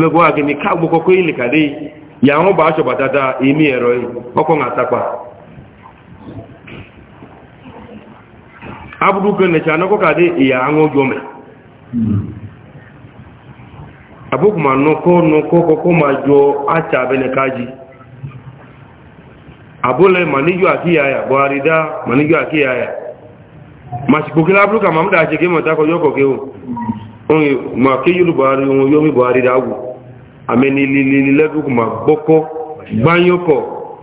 lọ́gbọ́ agini ká gbogbo kó ilẹ̀ kàdé yàwọn bá aṣọ bàtàtà èmi ẹ̀rọ ọkọ̀ ń àtàpà abúrúkọ nẹ̀ṣà náà kọ́kàdé ìyà àwọn jọmẹ̀ àbúkùmà nọkọ́ nọkọ́ kọ́kọ́ ma jọ àṣà abẹnẹkájí àbúlẹ̀ màníjọ́ àkíyàyà buhari dá màníjọ́ àkíyàyà màṣìkòkí lábúrúkà màmúdà àṣekẹ́ mọ̀tàkọ́ yọ́kọ̀kẹ́ o onye ma ke yulu buhari onwe yomi buhari da agwu ma gbọ́kọ́ gbányọ́kọ̀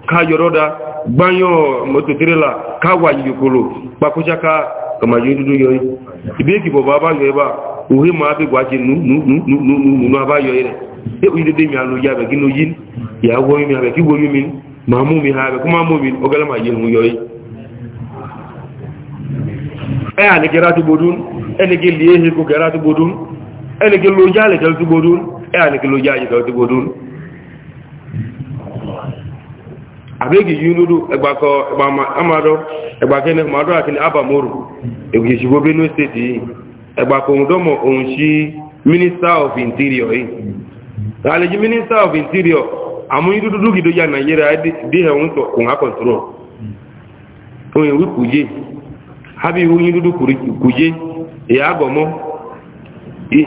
káyọ̀rọ́dá gbányọ̀ mọ́tòtírélà káwà yìíkòlò pàkójáká kàmàjú dúdú yọrí ibi èkì bọ̀bọ̀ abáyọ̀ ẹbá òhé ma bí gbájẹ nùnú abáyọ̀ rẹ̀ ẹkù yìí dédé mi àlò dị. bẹ̀ kí ló yí ìyàwó mi àbẹ̀ kí ma mú ha bẹ̀ ma má mú mi ọgẹ́lẹ́ mà yé ẹnìkí lè ṣe kò kẹrà tó gbódún ẹnìkí ló já lè jẹ́ gbódún ẹnìkí ló já ìjẹ́ tó gbódún àbẹ́gì yìí lódú ẹgbàkọ ẹgbàmàdọ́ ẹgbàkẹ́ni ẹgbàmàdọ́ àti abamoru èkìyè ṣìgbó benue state yìí ẹgbàkọ òun sí minister of interior yìí àlejò minister of interior àmúyí dúdú ya nàìjíríà tó kùn á control òun kùjé ya gomo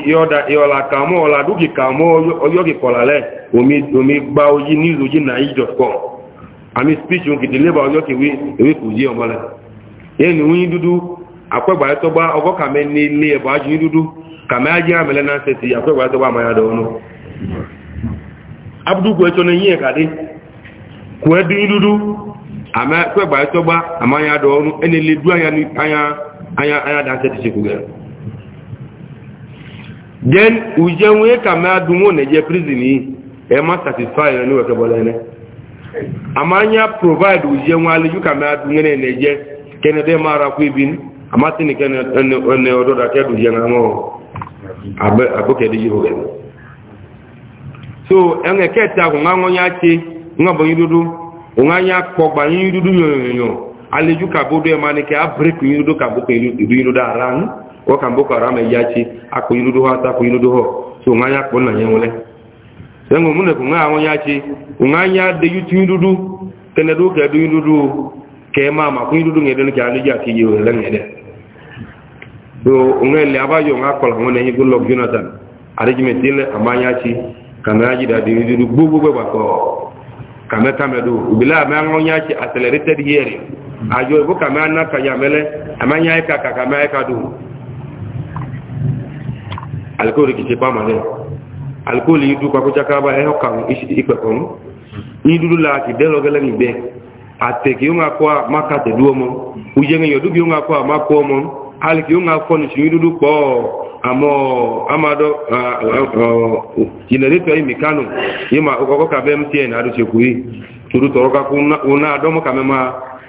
yoda yola kamo ola duki kamo oyogi kolale omi gba oyi ní oji na i.com ami speech on ki deliver oyoki wi wi ku ji omole eni wi dudu akwegba to ni ji dudu kame aji amele na se ti akwegba to gba ma ya do onu abdu ko eto anya anya da ase tisi kuga then ujenwe ye ka ma du mo ne je prison yi e ma satisfy na ni weke bola ne amanya provide ujenwe ali ju ka ma du ngene ne je kene de mara ku ibin ama tini kene ne odo da ke du je na mo abe aboke de yo gele so enge keta ko ngango nya chi ngabo yidudu nganya ko gba yidudu yoyoyo aliju kabodo ya mani ke abrik yudo kaboko yudo da ran ko kamboko e yachi ako yudo ta ko ya ho so nganya ko na nyewole sengo mune ko ngawo yachi nganya de yutu dudu kene do ga du dudu ke mama ko yudo ngede ke aliju ya yo le ngede so ngel aba yo ngakol ngone yi ya lok jonathan arrangement ile amanya chi kamaji da du dudu gbogbo gba ko kame kame bila ma ngonya chi accelerated hearing àjọ ìbú kàmí aná kàyà mẹ́lẹ́ àmányá ẹ̀ka kàkàmí ẹ̀ka dùn alikóòlì kìí ṣe pàmà lẹ́ alikóòlì yìí dúpọ̀ akójákàbá ẹ̀họ́ kàwọn ìpẹ̀ kan ní dúdú la kì dẹ́ lọ́gẹ́lẹ́ nìgbẹ́ àtẹ̀kì yóò ń akọ́ àmáka tẹ̀dú ọmọ ujẹ́ngẹ̀yọ̀ dúbí yóò ń akọ́ àmákọ́ ọmọ alìkì yóò ń akọ́ nìṣìyí dúdú pọ̀ àmọ́ amado jìnẹ̀rẹ́tọ̀ yìí mìkánù yìí ma ọkọ̀ kàbẹ́ mtn adúṣekù yìí torútọ̀rọ̀ kakú náà dọ́mọ́ kàmẹ́ máa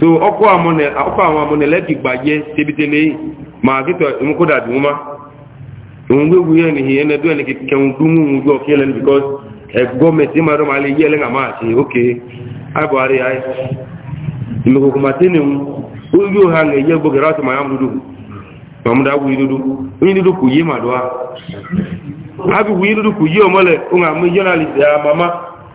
so ọkọ̀ àwọn amúnẹ̀lẹ́kì gbàjẹ́ tẹ́bítẹ́lẹ́ yìí máa kítọ̀ ìmúkódà dùn má òun gbégbé yẹn nìyí ẹni ẹdún ẹni kẹun dúnmù ń jọ kí ẹlẹ́ni because gọ́ọ̀mẹ̀tì máa dọ́mà lè yí ẹlẹ́ngà máa ṣe ókè àbọ̀ yẹ gbọ́gẹ̀ ráàtì máa ń dúdú màmúdà wù yí dúdú ó yí dúdú kò yí màdùá á fi wù yí dúdú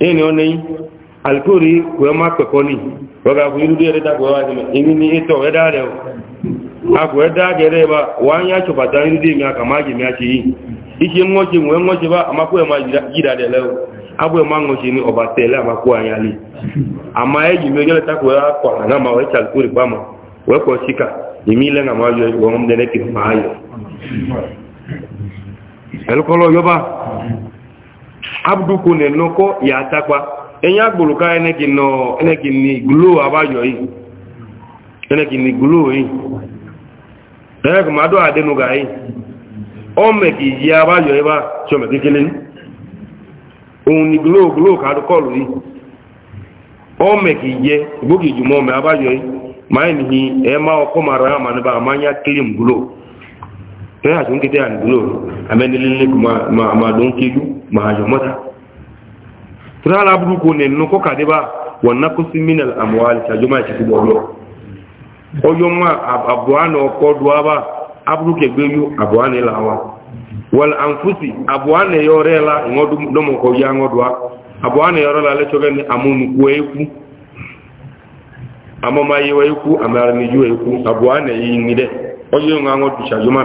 ene one alkuri kwe ma pekoli waga ku irudu yare ta kwe wajime ini ni ito weda leo aku weda gere ba wanya chopata irudu imi aka maji ama kwe ma jida de leo abu ma ngochi ni obatele ama kwa nyali ama eji mejele ta kwe kwa na ma wecha alkuri kwa ma weko shika imile na majo wa mdene kifayo abduku ne noko ya atakwa enya agbụrụ ka eneki no eneki ni glo abayo yi eneki glo yi tere ko madu ade no gai o me ki abayo yi ba so me kekele ni ohun ni glo glo ka do kolu yi o me ki ye igbogi jumo me abayo yi ma ni e ma oko mara ma ni ba amanya claim glo tẹ́ àtún kété àdúgbò amẹ́nilélé máa dún kéjú máa yọ mọ́ta tíráàlá burúkú ní inú kọ́kàdé bá wọ̀n ná kó sí mínal àmúwálì tàjọ́ máa ti túbọ̀ lọ ọjọ́ máa àbúhánà ọkọ̀ dùá bá abúrúkẹ̀ gbé yú àbúhánà ilà wa wọ́n àǹfúsì àbúhánà yọ rẹ̀ la ìwọ́n dọ́mọkọ̀ yá wọn ọjọ́ yóò ń wọn dùṣàjọ́ máa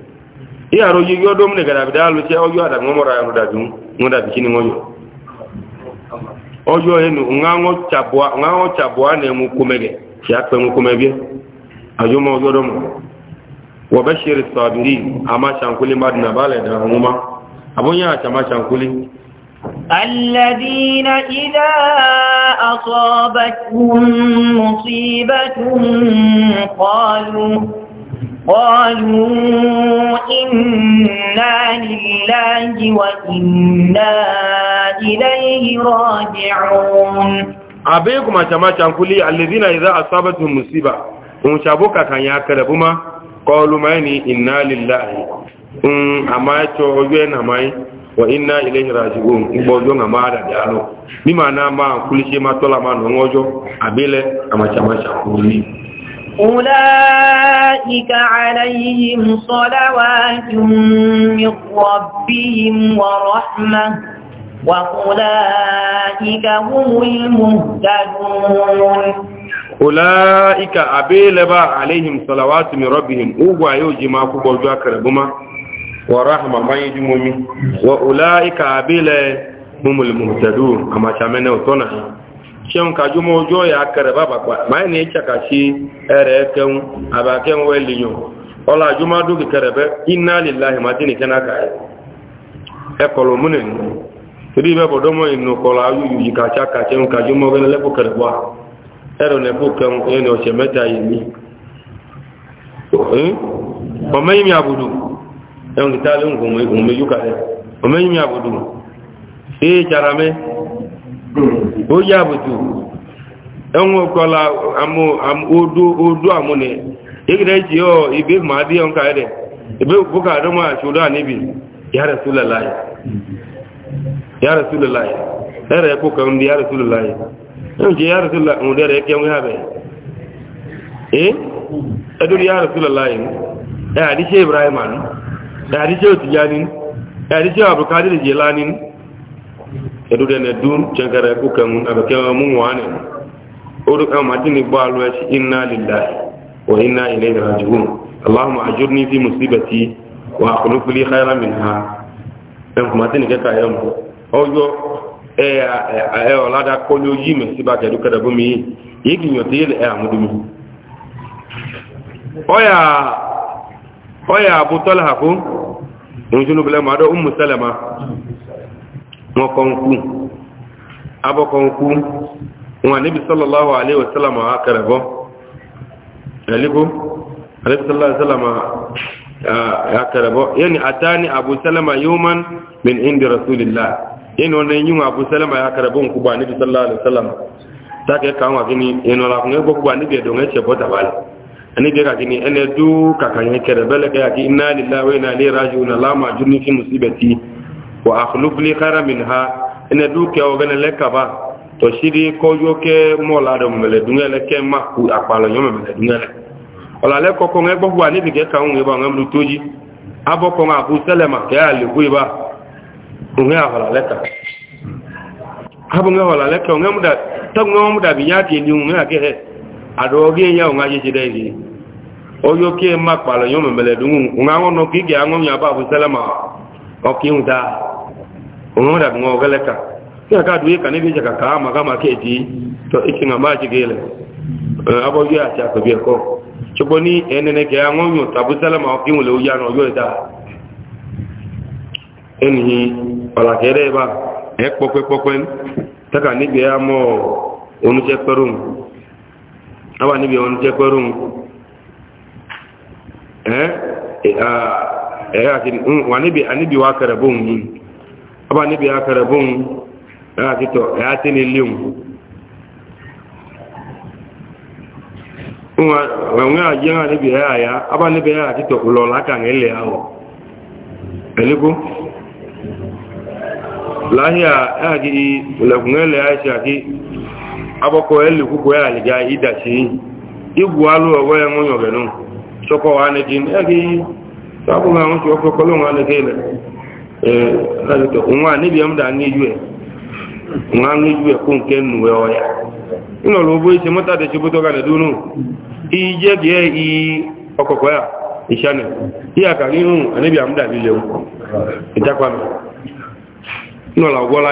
iya ro yi yo domne ga dabi dalu ce oyo ada mo mora yo dabi mo dabi kini ngoyo oyo enu ngango chabwa ngango chabwa ne mu kumege ya pe mu kumebe ayo mo yo domo wa bashir sabirin amma shankuli madina bale da huma abun ya chama shankuli الذين إذا أصابتهم مصيبة قالوا قالوا إنا لله وإنا إليه راجعون أبيكم أشما شانكولي الذين إذا أصابتهم مصيبة ونشابوكا كان يأكلبما قالوا ماني إنا لله أما يتوغين أما وإنا إليه راجعون بوجون أما رجعون بما نعم كل شيء ما طلع ما نموجو أبيله أما شما شانكولي أولئك عليهم صلوات من ربهم ورحمة وأولئك هم المهتدون أولئك أبيلبا عليهم صلوات من ربهم أوبا يوجي ما كبر جاكربما ورحمة ما يجمومي وأولئك أبيلهم المهتدون أما شامنا وطنعي ṣeun kàjú mọ́ ojú ọ̀yà akẹrẹ bá bàpá báyìí ní na sí ẹrẹ ẹkẹun e ẹlìyàn ọlá àjúmọ́dún kẹkẹrẹ bẹ́ iná lèlá ìmọ̀tí nìkan náà kàáyé ka múnẹ̀ ní torí bẹ́ bọ̀dọ́mọ́ kọlọ ayúyù yìí kàṣà kàṣẹun kàjú mọ́ ọgbẹ́ni lẹ́kọ̀ọ́ kẹrẹ o onye abụtụ enwe kọla odo odo amụne ịgide ji ọ ibe ma adịghị nka ede ebe bụka adị ma achị odo anibi ya rasulallah ya rasulallah ere ekpụka ndị ya rasulallah enwe ya rasulallah nwụrụ ere eke nwe ha be ee eduru ya rasulallah ee adịche ibrahim anụ ee adịche otijani ee adịche abụkadir jelani edu de ne dun chankara ku kan abake mun wane odu kan madini balu shi inna lillahi wa inna ilayhi raji'un allahumma ajurni fi musibati wa akhlif li khayran minha en kuma tini ke kayan ko ojo e a e, e ola da ko yo yi me siba ke du kada bu mi yigi nyo te e amudu mi oya oya abu talha ko mun junu bla ma do ummu salama ŋɔkɔŋku abɔkɔŋku ŋun anabi sallallahu alayhi wa sallam a kɛrɛ bɔ aliko anabi sallallahu alayhi wa sallam a kɛrɛ bɔ yanni a taa ni abu salama yoman min indi rasulillah yanni o na yi ŋun abu salama a kɛrɛ bɔ ŋun kuba anabi sallallahu alayhi wa sallam taa kɛ kan wa kini yanni o la kun ye ko kuba anabi yɛ dɔn kɛ cɛ bɔ daba la ani bɛ ka kini ɛnɛ du ka kɛrɛ bɛlɛ kɛ a ki inna lillahi wa inna ilayhi raji'un la ma junni fi musibati. wa akhluf li khayra minha ina duke o gane ba to shiri ko yo mola do mele dunga ke ma ku apalo mele dunga ola le nge ke nge ba nge toji abo ko selema ke ali a leka abo nge leka nge muda nge muda bi a he ado ya nga je je dai ni ke ma palo mele nga ngono ki ge nya ba selema umar abin wa galaka sai ka duye ka ne bi jaka ka ma ga ma ke ti to ikin ma ji gele eh, abo ya ta ko bi ko chugo ni enene ke anwo yo tabu salama o kin lo ya no yo da enhi ba e pope taka ni bi onu awa onu eh eh a ah, eh ati wa wa ọba níbi akẹrẹ fún ẹ̀yà títọ̀ ya, tí ní léwu ya àjẹ́ hàn níbi ẹ̀yà ya ọba ya ẹ̀yà títọ̀ lọ lákàrẹ ilẹ̀ àwọ̀ ẹ̀lẹ́kú láhíà ẹ̀yà kí ìlẹ̀kùn ya àìṣẹ́ àti abọ́kọ̀ ẹ̀lẹ̀ púpọ̀ ẹ̀yà ya igwu alụ ya nwụnyọ̀gẹ̀ nù sọ́kọ̀ wa nìkí Eh, nwa nebi m da aṅụ iwe nwa nke nnuwe ọya ịnọrọ ogbo isi mụta dị chibụta ga na dunu ije gị iyi e, ọkụkọ ya ìṣánà tí a kàrí ìrùn àníbì àmúdà lílẹ̀ ohun ìjápàmì m. ọ̀là ọgbọ́lá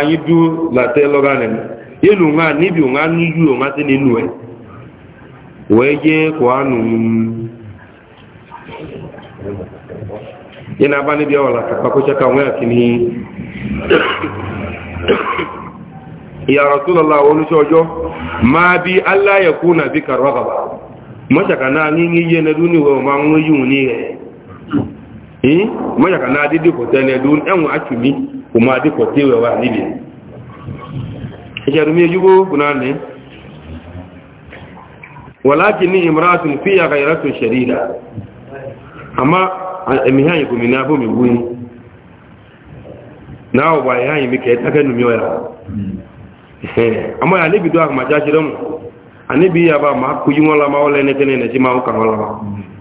ina abani bi wala kakocha kamwe akini ya rasulullah wonu sojo ma bi alla yakuna bika raghaba moja kana ni ni ye na duni wo ma nwo yun ni e eh moja kana didi ko tene dun enwo atumi ko ma di ko tewe wa ni bi jarumi e e yugo kunane walakin ni imra'atun fiya ghayratu sharida amma emi ha ìgbòmí ní abómi wú na náà wà ẹ̀hàn ìmí kẹ́ tákẹ́nu mi ọ̀yà àmọ́ yà níbi tó àmàjá ṣe lọ́mù ya yàbá ma kú yí wọ́n lama wọ́n lẹ́ni tẹ́lẹ̀ ẹ̀nẹ́sí máa ń kà wọ́n lama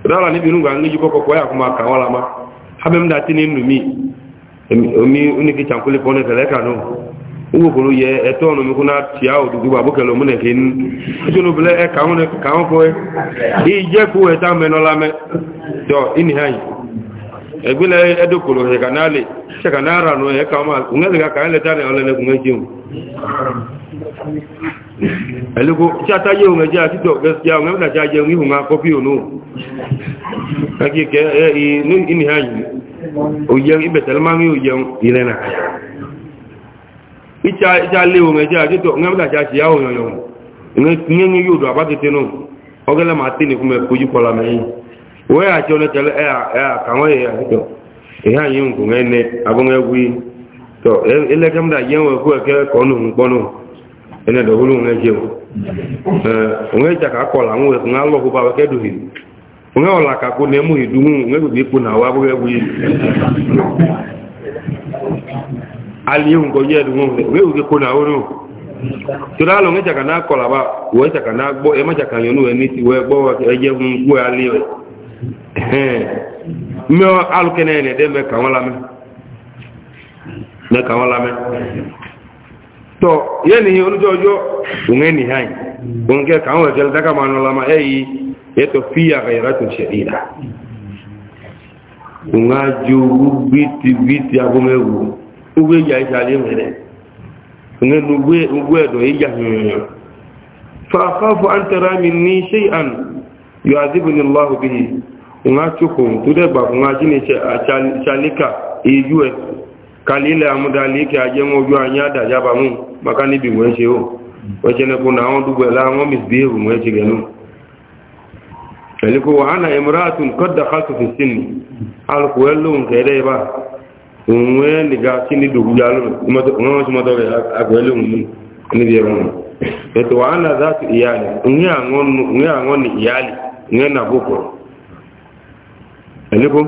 ìdáwọ̀lá níbi inú gbàngé yí kọ́kọ́ kọ́yà fún máa kà wọ́n lama hábẹ́mdà tí ní nù mí omi oníkì egbile edokolo he kanali se kanara no he kama ngezi ka kanle tare ole le ohun elugo chata ye ungeji ati to gaskiya ngem na chaje ngi hunga kopi onu kaki ke e ni ini hanyi oye ma telmangi oye ile na kaya icha le ungeji na ya ya wee achọ onetele ka na ya ihe anyị nkwu ne agụmegwu eleke e m da ye nwe kwu eke ka ọnụ mkpọnụ enedohuru onwe je onwe ja ka akọla nwe ekwu nwa alụghụ weke duhi onwe ọla ka kwụ na nwe na awa ali ihu nwe na tụrụ alụ na akọla ba wee e wee n'isi wee gbọ eje nkwụ ali mɛ alu kɛnɛ yɛ dɛ mɛ kàn wọn lamɛ mɛ kàn lamɛ tɔ yanni olùjɔjɔ òun ɛni hàn òun kɛ kàn wọn ma nɔ lamɛ ɛyi yɛtɔ fiya ka yɛrɛ tun sɛ la òun adzo gbiti gbiti mɛ dɛ ɛdɔ dza mi ni seyi yu'adhibuni Allahu bihi nga chuku tude ba nga jini chalika ijue kalile amudali ke aje mo ju anya da jaba mu maka ni bi mwe o wache ne kuna on dugwe la ngo misbihu mwe che genu alikuwa ana imra'atun qad dakhaltu fi sinni alkuwellu ngere ba unwe ni ga chini dugu jalu kuma to ma to akwelu ni ni bi ran eto ana zatu iyali ngi angon ngi angon ni iyali ìyẹn nà bó kọ̀rọ̀ ẹ̀lẹ́kùn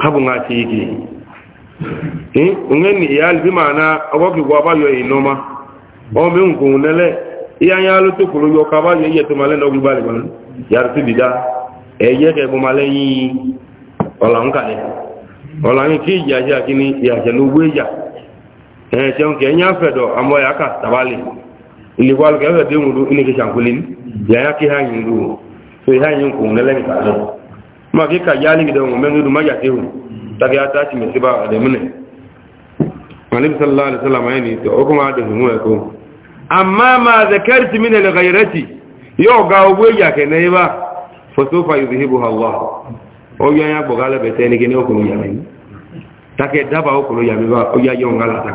kábù ń àti igi ìyẹn ni ìyá alìbí máa ná ọgọ́kìwọ́ abáyọ ìnọ́má ọmọ ìhùnkùn nẹ́lẹ̀ ìyá yẹn ló tó kòrò yọ ọkọ̀ abáyọ iye tó máa lẹ́nà ọgbìgbà rẹ̀ wọn yàrá sí bìdá ẹ̀yẹ́ yi ili walu ke ala dengu ini ke shankulin ya ya ki hangi ndu so ya hanyi na ngale ka no ma ke ka mu ma ya ta ga ta ci mesiba da mun Annabi sallallahu alaihi wasallam yani to o kuma da mu ko amma ma zakarti min al-ghayrati yo ga ya ke ne ba fa sofa Allah o ya ya bo gala bete ni kini o ko ya ni ta ke daba o ko ya mi ba o ya yo ngala ta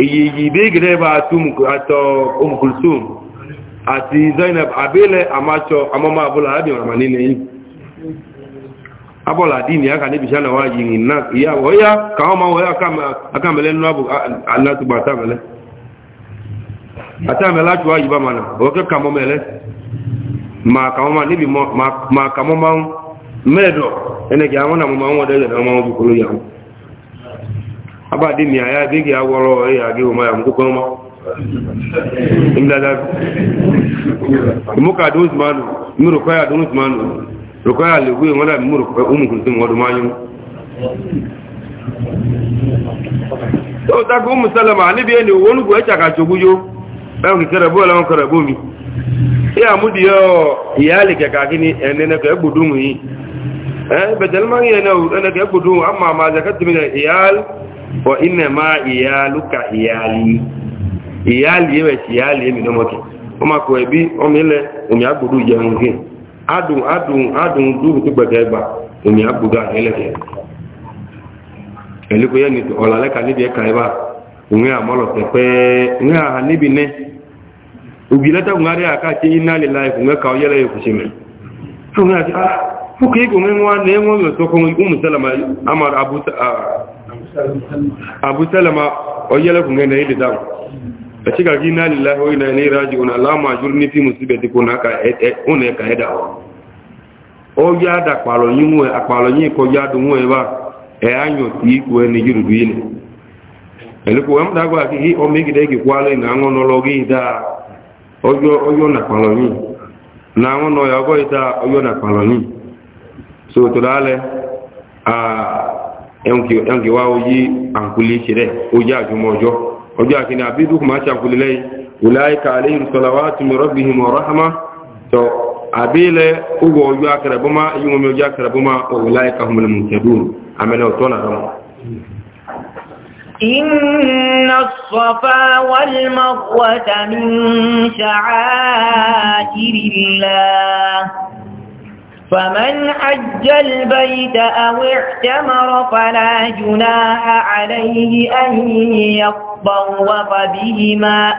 èyí bí gẹ́gẹ́ bá àtọ́ omukulsum àti zainab abẹ́lẹ̀ àmáṣọ àmọ́mọ́ abúlà àbí ọ̀rọ̀ nínú yìí abọ́là dì ní aka níbi ya wá yìí nà ìyá ọ̀yá káwọn máa wọ́yá akámẹ́lẹ́ nínú àbò ma nà ọ̀kẹ́ ma kàmọ́mọ́ ma kàmọ́mọ́ ma ẹnẹ́gẹ̀ àwọn àmọ́mọ́ wọn abadi ni aya aworo ya gi o ma ya mko ma imdada muka do muru ko ya do usman ru ko ya le wi muru ko umu kun tin wodu mayu to da ko musalama ni bi ni wonu go echa ka ba ngi kere bo la bo mi ya mudi yo iyali ke ka kini enene ko egbudu mu yi eh bedelman yana enene ke egbudu amma ma wa inna ma iyaluka iyali iyali yewe iyali emi no moke o ma ko ebi o mi le o mi agbodu je nge adun adun adun du ti gbede gba o mi agbodu ele ke ele ko ye ni le ka ni ka e nwe amolo pepe nwe a ni bi ne ubi ti inna ka o ku ya ah ko nwa ne yo to ko umu abu salama oyele kun gane e, e, e da dawo a cika ki na lillahi ji ina ne raji una la ma ka ka o ya da paro yin we aparo yin ko ya dun we e anyo ti ni ele ko am da gwa ki o mi gide ki kwale na ngo no logi da oyo oyo na paro na ya go ita a ẹnkì wá oyí àǹkulé ṣe rẹ̀ ojú àjùmọ̀ ọjọ́ ọjọ́ àkíní àbídú kùmá ṣe àǹkulé lẹ́yìn ìláìka aléyìn sọlọ́wà túnmí rọ́bì hìmọ̀ rọ́hámá tọ́ àbílẹ̀ ugbo ojú akẹrẹbọ́má yíwọ́ mi ojú akẹrẹbọ́má ìláìka hùmọ̀lẹ̀mù kẹdùn àmẹ́lẹ̀ ọ̀tọ́ nà rọ́mù. إن الصفا والمروة من شعائر الله فمن حج البيت أو اعتمر فلا جناح عليه أن يطوف بهما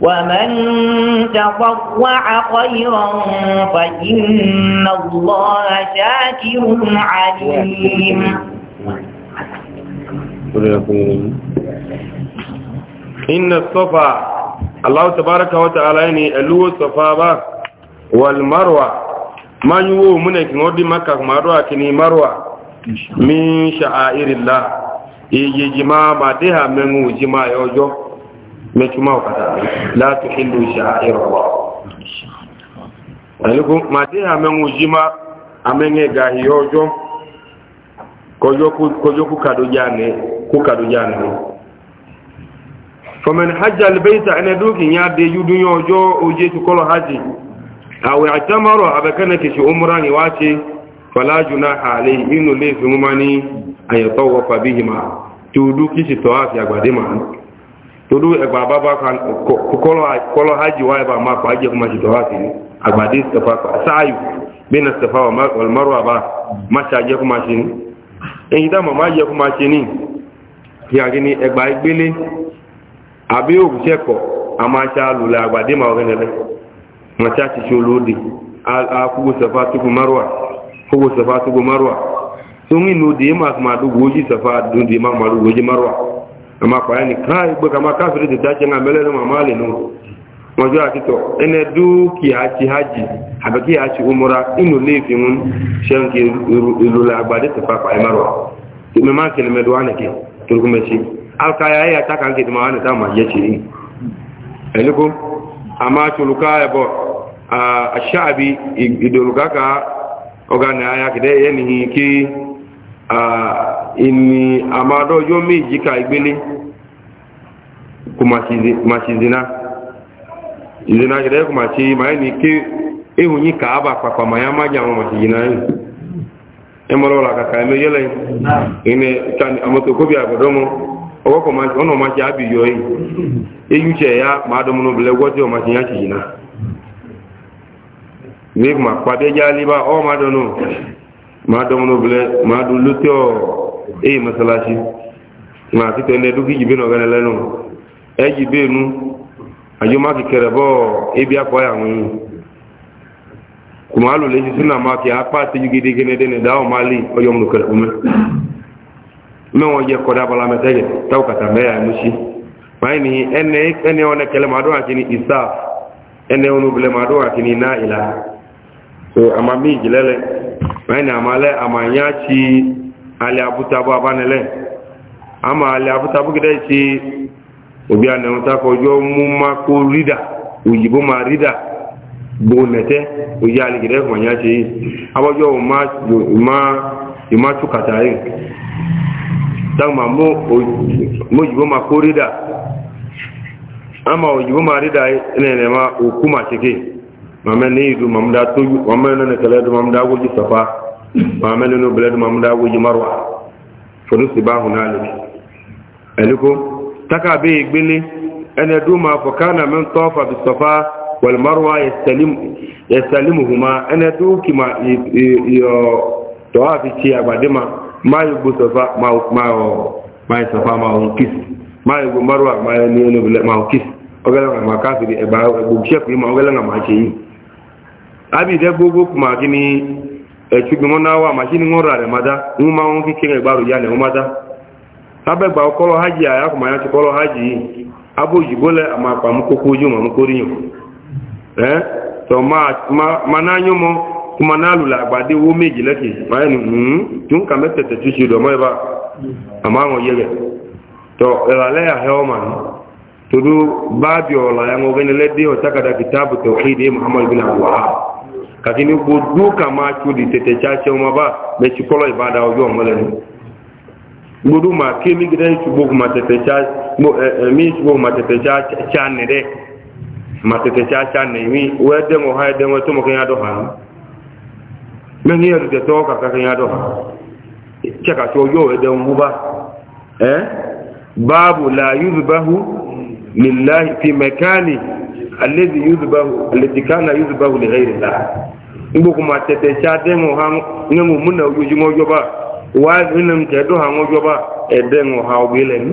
ومن تطوع خيرا فإن الله شاكر عليم إن الصفا الله تبارك وتعالى يعني ألو الصفا والمروة manyu wo mune ki ngodi makka marwa kini marwa min sha'airillah iye jima ma deha mengu jima yojo me chuma kata la tuhillu aliku ma deha mengu jima amenge ga yojo koyoku koyoku kado jane ku kado jane فمن حج البيت انا دوكي يا دي يدو يوجو awe atamaro abakana kishi umra ni wace fala junaha alayhi inu le fi mumani ayatawafa bihima tudu kishi tawafi agbade ma tudu egba baba kan kokolo kokolo haji wa ba ma ko aje kuma shi tawafi agbade safa sayu bina safa wal marwa ba ma shaje kuma shi en ida ma ma je kuma shi ni ya gini mata ci sholodi a kugo safa tugu marwa kugo safa tugu marwa sun yi nodi ya masu madu goji safa dun di ma madu goji marwa amma kwaya ni kai gbe kama kafiri da ta cin amele na mamale no wajo ati to ene du ki a ci haji abe ki a ci umura inu lefi mun shan ki ilula agbade safa kwaya marwa to me ma kele me duwa ke turkume shi alkaya ya ta kan ke ma wani ta ma ya ci ni elikum ama chuluka ebo ashabi idoluka ka ogana aya kide yeni ki ini amado yo meji ka igbele kumasizina izina kide kumasi mayeni ki ehunyi ka aba papa maya maja mo masizina yi emoro la kaka eme yele ine tan amoto ko bi ọ̀nà ọmọ ṣe àbí yọ yìí eyú ṣe ẹ̀yà máa dọmọnà obìnrin ẹgbọ́ tí ọmọ yá náà ma pàdé já líbá ọ máa dọ̀nà máa dọmọnà obìnrin máa dùn ló tẹ́ ọ èyí mọ́sálásí máa ti tẹ́lẹ̀ dúkì jì bínú ọ̀gánà lẹ́nu ẹ jì bínú àjọ má kìkẹrẹ bọ́ ebi akọ́ àwọn yìí kì á pàṣẹ mẹ́wọ̀n yẹ kọ́dá bọ́lá mẹ́tẹ́gẹ̀ táwọn kàtà mẹ́yà ẹ̀múṣí báyìí ni ẹnẹ ẹnẹ ọ̀nà kẹlẹ́ màdó àti ní isaf ẹnẹ ọ̀nà obìnrin màdó àti ní iná ìlà so àmà mí ìjìlẹ́lẹ̀ báyìí ni àmà lẹ́ àmà yá ti alẹ́ abútabú abánilẹ̀ àmà alẹ́ abútabú gẹ́gẹ́ ti òbí ànàmú takọ̀ ọjọ́ mú má kó rídà òyìnbó má rídà gbónẹ̀tẹ́ òyà alẹ́gẹ̀dẹ́ fún àyà abọ́jọ́ ìmá ìmá ìmá túkàtà yìí dagma mojibo ma ko rida ama ojibo ma rida nene ma okuma cike mame ne idu mamda toju mame nene kele du mamda woji safa mame nene bele du mamda woji marwa fonu siba hunalik eliko taka be igbele ene du ma fo kana min tofa bi safa wal marwa yastalim yastalimuhuma ene du kima yo to afi ci agbadema mayo gbo sofa mayo mayo sofa mayo kis mayo gbo marwa mayo ni eno bile mayo kis ogele nga maka fi eba egbo sheku ma ogele nga ma yi. abi de gogo kuma gini echugbimo na wa machine ngora re mada nguma won ki kire gbaru ya ne umada abe gba okoro haji aya kuma ya chukoro haji abo jibole ama pa mu kokoju ma mu koriyo eh to ma ma na nyomo kuma n'alu la agbade wo meji lɛki maa yi ni hun hmm, tun kan bɛ tɛtɛ tusi dɔ mɔ ba a e e ma ŋɔ yɛlɛ tɔ y'a hɛ o ma ni todo ya ŋɔ gɛnɛ lɛ o takada kitaabu tɛ o de bin abu waha kaki du kama tso di tɛtɛ tsa tse o ba mɛ tsi kɔlɔ yi da o jɔ mɔ lɛ ni gbodo ma ke mi gɛrɛ tsubo kuma tɛtɛ tsa mo ɛ ɛ mi tsubo kuma tɛtɛ tsa tsa nɛ dɛ ma tɛtɛ tsa cha, nɛ mi o yɛ dɛŋ o ha yɛ dɛŋ o tɔmɔ kɛ ya dɔ mẹ́rin yẹ́ rẹ̀ tọ́wọ́ kàkàkì yádọ́ kẹ́kàtọ́ yóò ẹ̀dẹ̀ ń búbá ẹ́ báàbù la yúzùbáhù lèláì fi mẹ́kánì alẹ́dì yúzùbáhù alẹ́dìkánà yúzùbáhù lẹ́rẹ́ ìrìnlá gbogbo ma tẹ̀tẹ̀ ṣá dẹ́mọ̀ ha ń múnà ojoojúmọ́ jọba wà nínú kẹ́dọ̀ àwọn jọba ẹ̀dẹ́ ń ha ọgbẹ́ lẹ́nu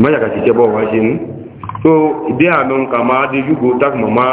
mọ́yàkà ti jẹ́bọ̀ wá ṣe ní so ìdí àná nǹkan máa dé yúgò tákùmọ̀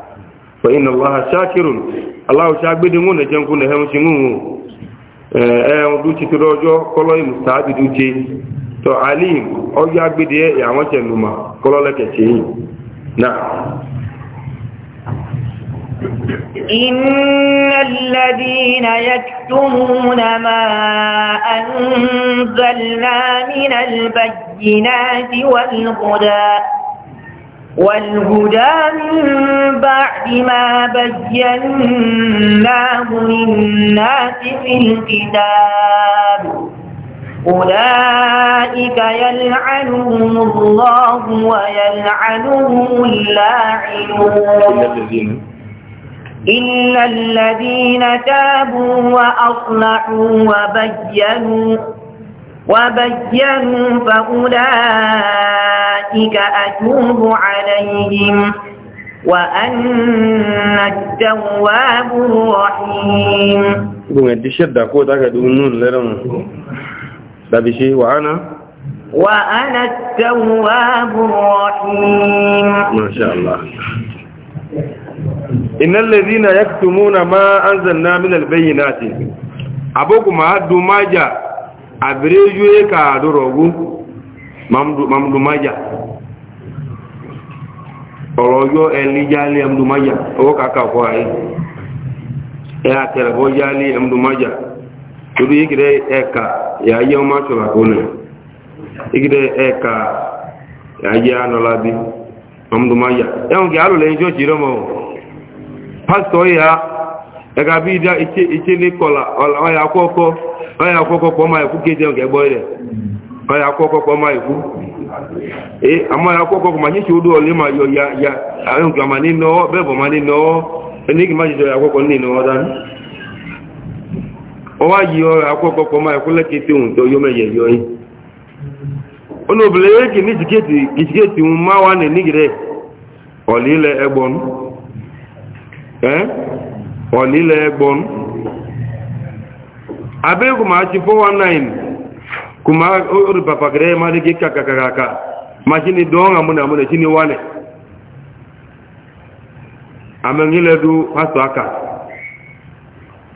فإن الله شاكر الله شاكر مون جنكو نهم شنو eh oduchi tirojo kolo mustabi duchi to alim o ya gbede ya won chenuma kolo lekeche na إن الذين يكتمون ما أنزلنا من البينات والهدى والهدى من بعد ما بيناه للناس في الكتاب أولئك يلعنهم الله ويلعنهم اللاعنون إلا الذين تابوا وأصلحوا وبينوا وبينوا فأولئك أتوب عليهم وأنا التواب الرحيم قوم يدشد داكو داكا دونون لرم دابشي وانا. وأنا التواب الرحيم ما شاء الله إن الذين يكتمون ما أنزلنا من البينات أبوكم هدوا ما جاء abireju ye ka dorogu mamdu mamdu maja oroyo elijali owo kaka ko ayi e atere bo jali tudu eka ya ye ma so la kone yigire eka ya ye anolabi mamdu e on galo le jo jiro mo pastor ya ega bi da ni kola ya onye akwụkwọ kpọọ ma ekwu ka eji nke gbọọ ile onye akwụkwọ kpọọ ma ekwu ee amaghị akwụkwọ ma nye chi odu ole ma yo ya ya ahụ nke ma nínú ọ bẹ́ẹ̀ bọ̀ ma nínú ọ ẹni kì má jẹjọ ya akwụkwọ nínú ọ dání ọwá yí ọrọ akwụkwọ kpọọ ma ekwu lẹ́kẹ̀ tí òun tó yọ mẹ́yẹ yọ yìí onye obìnrin yìí kì ní jìkẹ́tì jìkẹ́tì ń má wà ní abe kuma ci 419 kuma ori papagire ma da ke kakakaka ma shi ne don amuna amuna shi ne wane amma ngile du hasu aka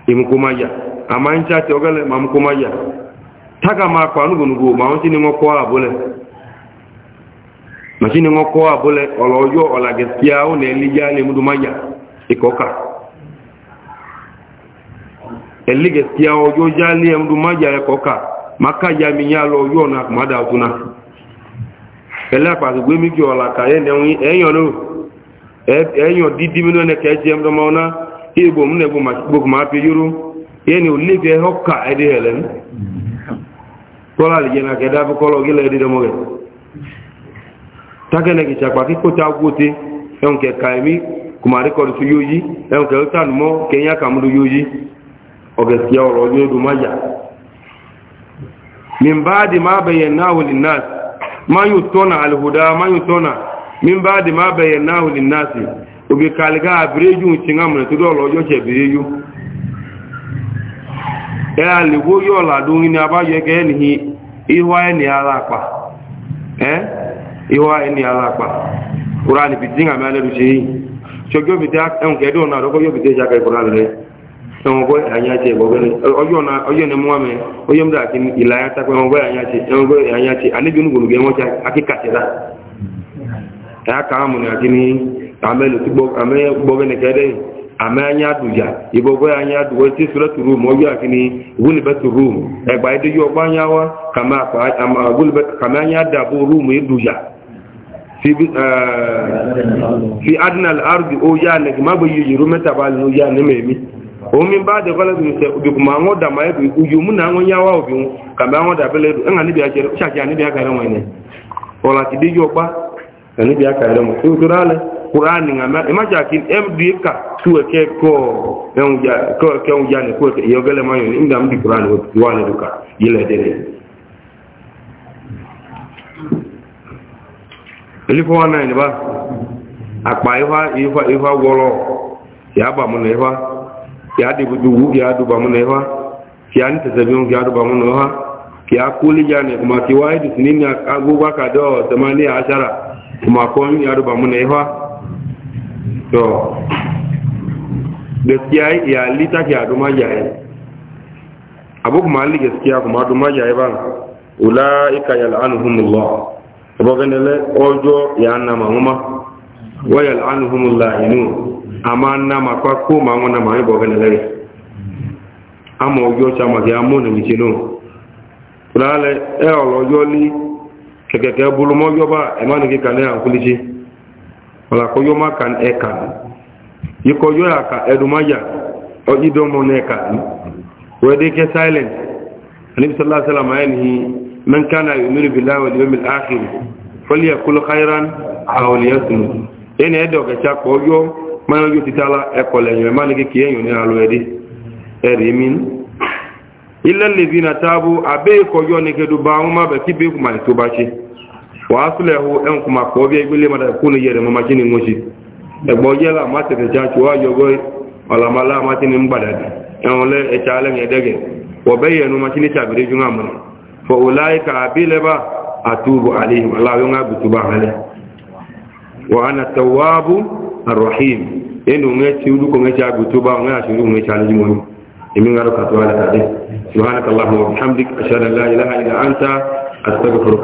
im kuma ya amma in cha ti ogale ma kuma ya taka ma kwa nugu nugu ma won shi ne ngoko abule ma shi ne ngoko abule olojo ola gaskiya o ne lija le mudu maya ikoka eli gaskiya ojo jali ya mdu maja ya koka maka ya nyalo ojo na mada utuna ele pa gbe mi ki ola ka ye nwi enyo no e, eyan didi mi no ne ke je mdu mauna igbo mu ne gbo ma gbo ma yuru ye ni hoka ede helen kola le jena na kolo gile ede de takene ki chapa ki ko kaimi kuma su yoji en ke utan mo kenya ọ̀gẹ̀sìyà ọ̀rọ̀ ọjọ́ edu máyà min báàdì máa bẹ̀yẹ̀ náà linnas máa yóò tọ́nà ma máa yóò tọ́nà min báàdì máa bẹ̀yẹ̀ náà linnas ògè kàlìgá àbíréjú ti ń àmìnà tó dọ̀lọ́ ọjọ́ ṣẹ̀ bíréjú ẹ àlèwó yóò làdún ní abájọ ẹgẹ́ ẹni ihwa ẹni alápa ẹ ihwa ẹni alápa kúrò àlèbìtì ń àmì alẹ́rù ṣe yìí ṣọjọ́ bìtì ẹ̀hùn kẹ́dùn náà lọ́kọ́ yóò bìtì ṣàkẹ́ kúrò àlẹ́rù ẹwọn bọ àyàtì ẹgbọgbẹni ọjọ na ọjọ ní mú àmì ọjọ mú àti ìlà ayáta pé ẹwọn bọ àyàtì ẹwọn bọ àyàtì àníbi onígbòlùgbé wọn ti akíkàtì rà ẹyà kàrà mùnà àti ní àmẹlò tí gbọgbẹni kẹdẹ àmẹ anyá dùjà anya anyá dùwọ tí sọlẹtù rúùmù ọjọ àti rúùmù ẹgbà yọ ọgbà wa kàmẹ rúùmù fi nẹgbẹ má bẹ bá nẹmẹmí. omi ba de kɔlɛ bi ma obi kuma aŋɔ dama yɛ bi uyu mu na aŋɔ nyawa obi ŋu kàmɛ aŋɔ da pɛlɛ do ɛŋa ni bi a jɛrɛ saki ani bi a kɛrɛ ti bi a kɛrɛ ŋɔ ewu to n'alɛ ka tu ke ja ja ne ma yɔ ne nga di wa ne ka akpa ifa ifa ifa na ifa. kìá dìbò tó wú kìá dùbà mú náà wá kìá ní tẹ̀sẹ̀ bí wọn kìá dùbà mú náà wá kìá kú lìjà ní kùmà kí wáyé dùsù ní ní agbógbá kàdé ọ̀sẹ̀má ní àṣàrà kùmà kọ́ ní kìá dùbà mú náà wá tó gaskiya ya lita ki adu majaye abu kuma alli gaskiya kuma adu majaye ba ulaika yal'anuhumullah abogan le ojo ya annama huma wa yal'anuhumul la'inun ama na ma kwa ko ma ngona ma bo ga nalari ama ojo cha ma ya mo ni ti no lale e olo yo ni keke ke bulu mo yo ba e ma ni ke kan ya kuli ji wala ko yo ma kan e kan yi ko yo ya ka edu ma ya o ji do mo ne ka we de ke silent mana oge otite ala ekole enyo mana gị ka enyo na alụ eri eri min ile nlezi na tabu abe koyo ne kedu ba ma be ti be kuma to ba chi wa aslehu en kuma ko be gbele ma da ku ne yere ma chi ni ngochi ma te te jachu wa yogo ala mala ma ti ni mbada di en le e chale ne dege wa ma ni tabiri junga mun fa ulaika abileba atubu alaihim allah وأنا التواب الرحيم إنه ميت يولوك ميت يعقوتوبا وميت يولوك ميت على جمهور إمين غيرك أتوالك عليه سبحانك اللهم وبحمدك أشهد أن لا إله إلا أنت أستغفرك